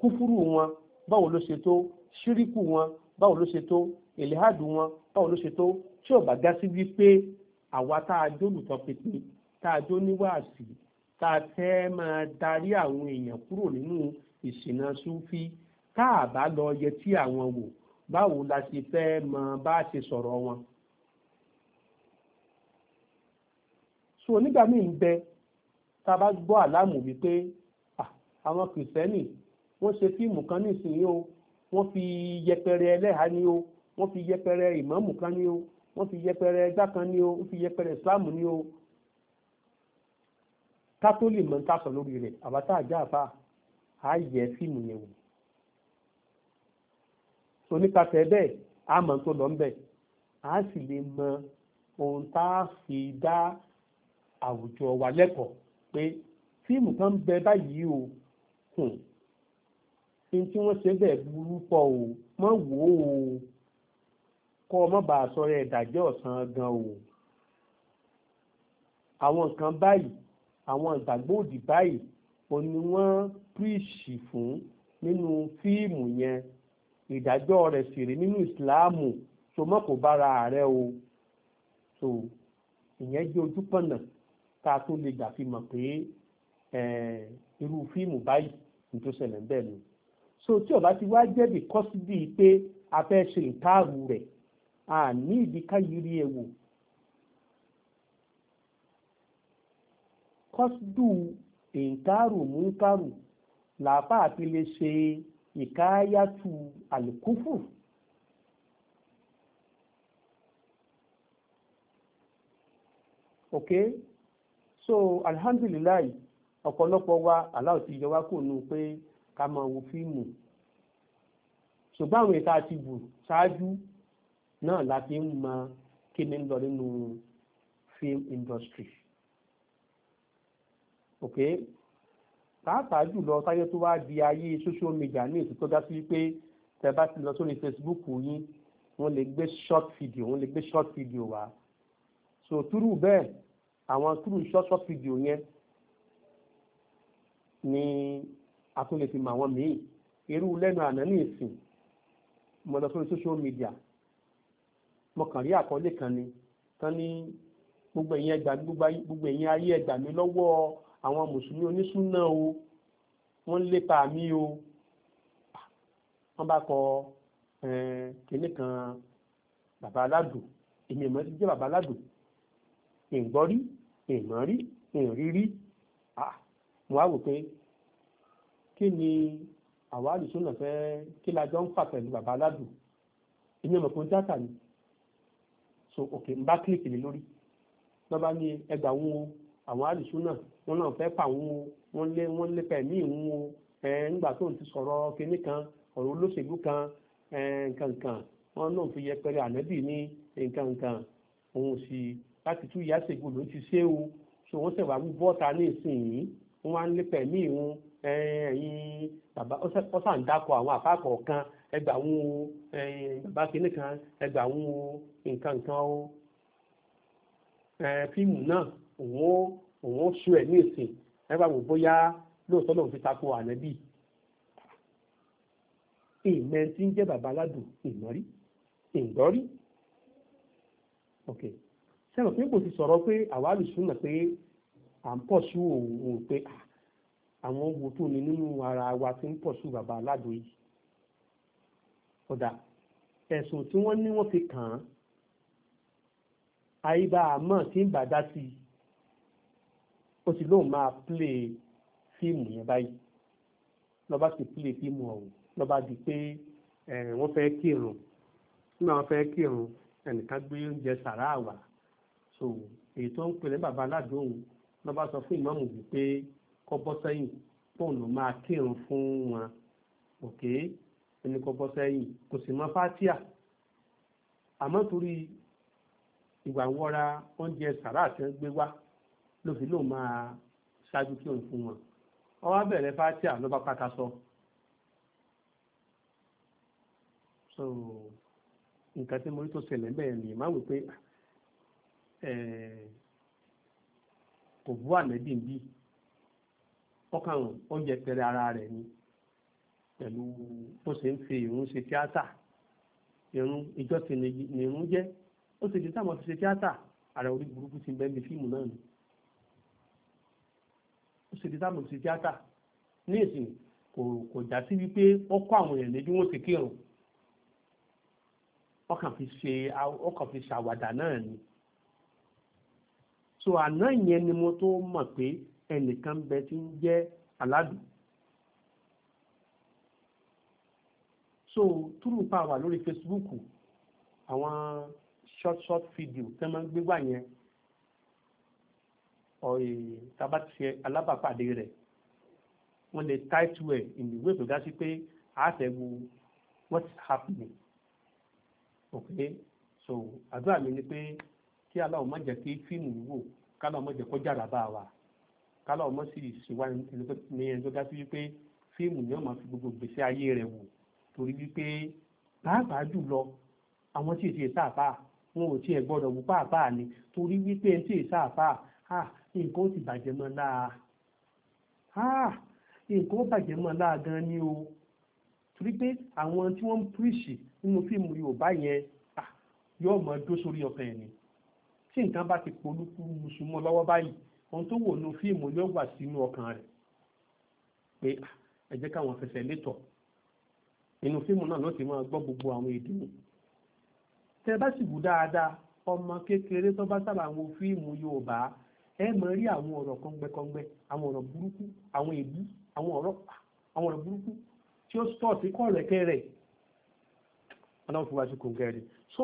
kúfúrú wọn báwo ló ṣe tó ṣíríkù wọn báwo ló ṣe tó èléhàdù wọn báwo ló ṣe tó tí ò bá dá sí wípé àwa tá a jó lùtọ́ pínpín tá a jó níwáàsí tá a fẹ́ máa darí àwọn èèyàn kúrò nínú ìṣìnà súfí tá a bá lọ yẹ àwọn wò báwo la ṣe fẹ́ mọ bá a ṣe sọ̀rọ̀ wọn. so nígbà míì ń bẹ tá a bá gbọ́ àlámù wípé àwọn kìrìsìtẹ́nì wọ́n ṣe fíìmù kan nísìnyí o wọ́n fi yẹpẹrẹ ẹlẹ́ha ni o wọ́n fi yẹpẹrẹ ìmáàmù kan ni o wọ́n fi yẹpẹrẹ ẹgbá kan ni o wọ́n fi yẹpẹrẹ ìsìláàmù ni o ká tó lè mọ̀ ń tàṣọ lórí rẹ̀ àbátá àjá àfà á yẹ fíìmù yẹn wò so nípasẹ̀ bẹ́ẹ̀ á mọ̀ tó lọ á sì lè mọ ohun tá a fi dá àwùjọ wa lẹ́kọ̀ọ́ pé fíìmù kan bẹ báyìí o hmm. ní tí wọ́n ṣe bẹ́ẹ̀ burú pọ̀ o mọ̀ wò ó kọ́ ọ mọ̀ bá a sọ̀rọ̀ ẹ̀dàjẹ́ ọ̀sán gan o àwọn nǹkan báyìí àwọn ìgbàgbọ́ òdì báyìí o ni wọ́n píríṣì fún nínú fíìmù yẹn ìdájọ́ rẹ̀ sì rí nínú ìsìláàmù so mọ́ kò bára rẹ̀ o ìyẹn jẹ́ ojúpọ̀nà tá a tó lè gbà fi mọ̀ pé irú fíìmù báyìí ní tó ṣẹlẹ̀ bẹ́ẹ̀ ni so tí ó bá ti wá jẹ́bi kọ́sídì pé a fẹ́ ṣe ìtaàrù rẹ̀ a ní ìdí káyìírí ẹ̀ wò kọ́sídù ìtaàrù múntàrù làápá àti lè ṣe ìkáyàtú àlùkùfù. okay so alhamdulilayi ọ̀pọ̀lọpọ̀ wa aláwọ̀ ti yọ wá kò nù pé ká máa wo fíìmù ṣùgbọ́n àwọn ìta ti bù ṣáájú náà la fi ń mọ kí ni ń lọ nínú film industry ok pàápàá jùlọ táyé tó wá di ayé social media ní ètò tó dá sí pé tẹ́ bá ti lọ sórí Facebook yín wọ́n lè gbé short video wọ́n lè gbé short video wá so túrú bẹ́ẹ̀ àwọn túrú ṣọ́ṣọ́ fídíò yẹn ni a tún lè fi mọ àwọn míì irú lẹ́nu àná ní ìsìn mo sórí social media mo kàn rí àkọlé kan ni tán ní gbogbo ẹ̀yin ẹgbà gbogbo ẹ̀yin ayé ẹgbà mi lọ́wọ́ àwọn mùsùlùmí onísúná o wọ́n ń lépa mi o wọ́n bá kọ kínní kan bàbá aládùn èmi ìmọ̀ ti jẹ́ bàbá aládùn ìgbọ́rí èèmọ̀ rí èèrí rí mo wá wò pé kí ni àwa àdìsúnà fẹ́ kí la jọ ń fà pẹ̀lú bàbá aládùn èmi ọmọ kan dáta ni so òkè ń bá kílìkì lé lórí lọ́ bá ní ẹgbàá wọn o àwọn àdìsúnà wọn náà fẹ́ pa wọn o wọ́n lé wọ́n lé pẹ̀mí wọn o nígbà tó ń ti sọ̀rọ̀ kinní kan ọ̀rọ̀ olóṣèlú kan nǹkan kan wọ́n náà fi yẹpẹrẹ ànábì ní nǹkan kan òun sì láti tú ìyá ṣègùn ló ti ṣe o so wọ́n ṣẹ̀wá wú bọ́ta ní ìsinyìí wọ́n wá ní pẹ̀lú ìhun ẹ̀yìn bàbá ọ̀sà ń dákọ̀ àwọn àpapọ̀ kan ẹgbà wọn o bàbá kìíní kan ẹgbà wọn o nǹkan nǹkan o fíìmù náà òun òun ó ṣú ẹ̀ ní ìsìn ẹgbà wọn bóyá lóòótọ́ lòun fi takò ànábì ìmẹ̀ tí ń jẹ́ bàbá aládùn ìmọ̀rí ìgbọ́rí. Okay sẹ́wọ̀n pé kò ti sọ̀rọ̀ pé àwa àlùsùnà pé à ń pọ̀ sí òun pé ah, àwọn owó tó ní nínú ara wa ti ń pọ̀ sí bàbá aládùn yìí kódà ẹ̀sùn tí wọ́n ní wọ́n fi kàn án àyíbá àmọ́ tí ń bàdá sí i ó sì lóun máa plé fíìmù yẹn báyìí lọ́ba sì plé fíìmù ọ̀hún lọ́ba di pé eh, wọ́n fẹ́ kírun nígbà wọ́n fẹ́ kírun ẹnìkan gbé oúnjẹ sàrá àwà so èyí tó ń pèlè bàbá aládùn ló bá sọ fún ìmáàmù wípé kọ́ bọ́ sẹ́yìn fóun ló máa kírun fún wọn òkè ẹni kọ́ bọ́ sẹ́yìn kò sì mọ fátíà àmọ́ torí ìwà wọra oúnjẹ sàrà àti gbé wá ló fi lóun máa ṣáájú kírun fún wọn ó wá bẹ̀rẹ̀ fátíà ló bá pátá sọ. nǹkan tí mo rí tó ṣẹlẹ̀ bẹ́ẹ̀ ni màá wí pé Eh, kò bú ànẹ́bí ń bí ọkàn oúnjẹ pẹrẹ ara rẹ̀ ni pẹ̀lú bó ṣe ń fi irun ṣe tíátà irun ìjọ ti ni irun jẹ́ ó ti di táwọn fi ṣe tíátà ààrẹ orí burúkú ti bẹ́ẹ̀ ní fíìmù náà ni ó ti di táwọn fi ṣe tíátà ní ìsìn kò kò já sí wípé wọ́n kọ́ àwọn èèyàn lójú wọn ti kírun ọkàn fi ṣe ọkàn fi ṣàwàdà náà ni so àná yẹn ni mo tó mọ̀ pé ẹnìkan bẹ tí ń jẹ́ aládùn so túrú pa wà lórí Facebook àwọn short short video tẹ́ máa ń gbé wà yẹn ọ̀rẹ́ tábà ti ṣe alábàápàdé rẹ̀ wọ́n lè title ẹ̀ ìwé tó dá sí pé àtẹ̀wò what's happening okay so àdúrà mi ni pé kí aláwọ̀ má jẹ́ kí fíìmù wò kálọ̀ mọ́ jẹ́ kọjá àràbà wa kálọ̀ mọ́ sì ṣèwá ní ẹni tó dá sí wípé fíìmù ni wọ́n máa fi gbogbo gbèsè ayé rẹ̀ wò torí wípé pàápàá jùlọ àwọn tí èsì ìsáàfà wọn ò tiẹ̀ gbọ́dọ̀ wù pàápàá ni torí wípé ẹni tí ìsáàfà à nǹkan ó ti bàjẹ́ mọ́ láa à nǹkan ó bàjẹ́ mọ́ láa gan ni o torí pé àwọn tí wọ́n ń píríṣì nínú fíìmù Yorùbá yẹn yóò mọ dó sórí ọkàn ẹ̀ ni tí nǹkan bá ti polúkú mùsùlùmọ́ lọ́wọ́ báyìí ohun tó wò nu fíìmù yóò wà sínú ọkàn rẹ̀ pé ah, ẹ jẹ́ káwọn fẹsẹ̀ létọ̀ inú fíìmù náà ló ti máa gbọ́ gbogbo àwọn èdè mi tẹ bá sì wù dáadáa ọmọ kékeré tó bá sábà wo fíìmù Yorùbá ẹ máa rí àwọn ọ̀rọ̀ kọ́ngbẹ́kọ́ngbẹ́ àwọn ọ̀rọ̀ burúkú àwọn èbú àwọn ọ̀rọ̀ ah, àwọn ọ̀rọ̀ burúkú tí ó sọ sí kọ́ ọ̀rẹ́kẹ́ rẹ̀ ọlọ́run fi sí kòǹgẹ́rì so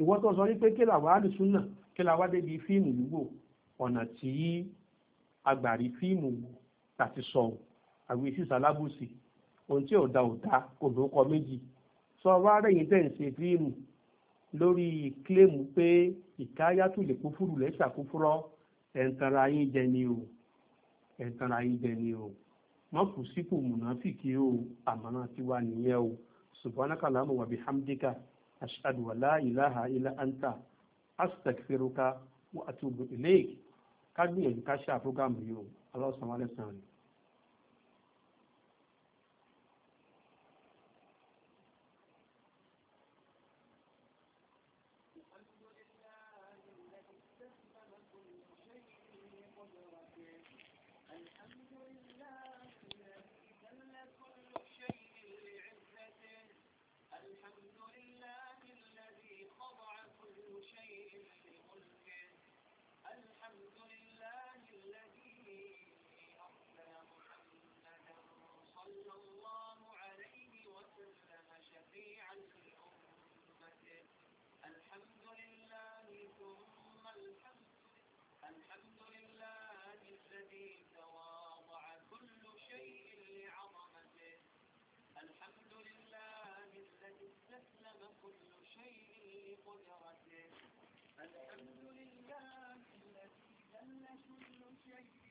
ìwọ́n tó sọ wípé kí làwọn àlùsùn náà kí la wá débi fíìmù wíwò ọ̀nà tí agbàrí fíìmù tàti sọ̀hún àwọn èsì sálábùsì ohun tí ò da ò da kò lóko méjì sọ wá rẹ̀yìn tẹ̀ ń ṣe fíìmù lórí kílèmù pé ìkáyàtò lè kúfúrú lẹ́sà kúfúrọ́ ẹ̀ǹtara yín jẹ ni o ẹ̀ǹtara yín jẹ ni o wọ́n kù sípò mùnàfíkì o àmọ́nà tiwa nìyẹn o subhanaka lahumma wa bihamdika ashhadu la ilaha illa anta astaghfiruka wa atubu ilayk ká gbìyànjú ká ṣe àpọ́gàmù yìí o ọlọ́sàn-án alẹ́ sàn-án. الحمد لله الذي جل كل شيء